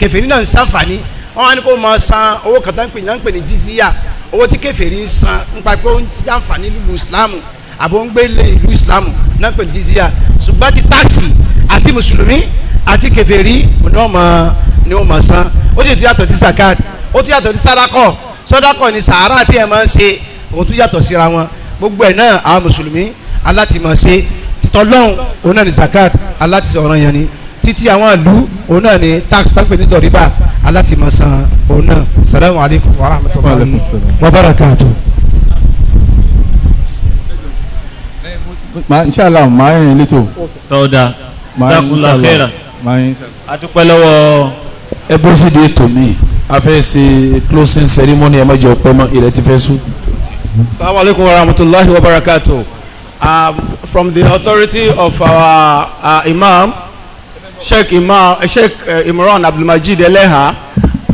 S6: kèfèrí náà ń sàǹfààní wọ́n á ní kó mọ san owó kan tó ń pè ní pè ní jíjíà owó tí kèfèrí ń san nípa pé ó ń sàǹfààní nílùú ìsìlámù àbò ń gbé ilé ìlú ìsìlámù náà pè ní jíjíà ṣùgbọ́n ti táàsì àti mùsùlùmí àti kèfèrí ni wọ́n máa ni wọ́n máa san ó sì tún yàtọ̀ sí zakat ó tún yàtọ̀ sí sadakọ̀ sadakọ̀ ni sàárà tí ẹ̀ máa ń ṣe òun tún yàtọ̀ síra wọn gbogbo ẹ̀ náà àwọn mùsùlùmí aláti máa ṣe títọ́ lọ́hùn òun náà ni zakat aláti sọ̀rọ̀ yẹn ni títí àwọn àlú òun náà ni tax tàpé ní dọ̀ríbà aláti máa san òun náà salamu alaykum wa rahmatulahi
S1: wa barakatu.
S2: inshallah maa yẹn létò.
S3: tọ́da sakunla khaira adúpẹ́ lọ́wọ́. ẹ bọ́ sí di ètò mi a fẹ́ ṣe closing ceremony ẹ má jẹ́ mọ́ ilẹ̀ ti fẹ́ sùn.
S5: assalamu alaikum warahmatullahi wabarakatuh um, from the authority of our uh, imam sheikh imam uh, sheikh uh, imran abdulmajid eleha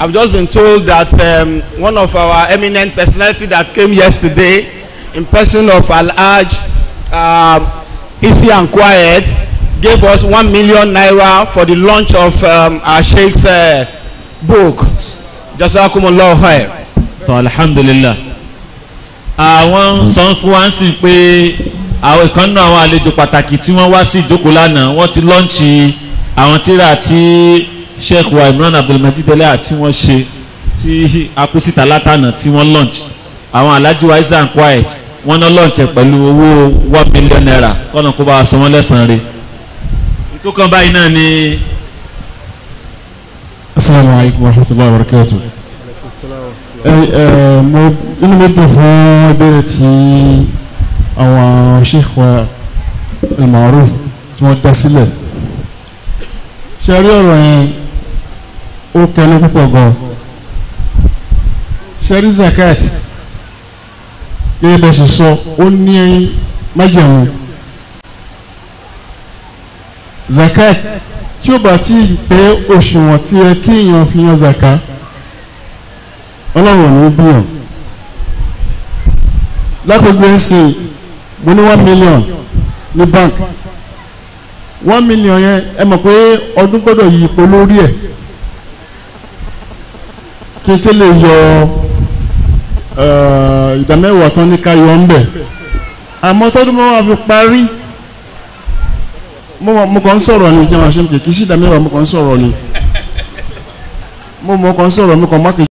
S5: i've just been told that um, one of our eminent personality that came yesterday in person of alhaj uh, um, isi and quiet gave us one million naira for the launch of um, our sheikh's uh, book jazakumullah khair.
S3: tó alhamdulillah àwọn sọ fún wa sí pé àwọn ìkan náà àwọn àlejò pàtàkì tí wọ́n wá sí ìjókòó lánàá wọ́n ti lọ́ǹchì àwọn tíra tí sheikh wa imran abdulmajid elea tí wọ́n ṣe tí akusita látànà tí wọ́n lọ́ǹchì àwọn alhaji wa and quiet wọ́n náà lọ́ǹchì pẹ̀lú owó one million naira kọ́nà kó bá a sọ wọ́n lẹ́sàn-án rẹ̀ tó kàn báyìí náà ni.
S2: asalaamualeykum wa rahmatulahi wa barakatu. mo inú mi dùn fún ìbéèrè tí àwọn sheikh wa almaruf tí wọ́n dá sílẹ̀ ṣe rí ọ̀rọ̀ yẹn ó kẹnu púpọ̀ gan ṣe rí zakat gẹ́gẹ́ bẹ́ẹ̀ ṣe sọ ó ní májẹ̀mú zakat tí ó bá ti pé òṣùwọ̀n tí ẹ kí èèyàn fi yan zaka ọlọ́run ní bíyàn lápẹ̀gbẹ́ ẹ̀sìn mo ní one million ní bank one million yẹn ẹ mọ̀ pé ọdún gbọ́dọ̀ yí ipò lórí ẹ̀ kí n tó lè yọ ìdá tán ní ká yọ ọ́ ń bẹ̀ àmọ́ tọ́dún mọ́ wá fi parí
S4: mo kàn ń sọ̀rọ̀ ni kí wọ́n ṣe ń pè kí ṣìdá mẹ́wàá mo kàn ń sọ̀rọ̀ ni mo mọ̀ kàn sọ̀rọ̀ mo kàn má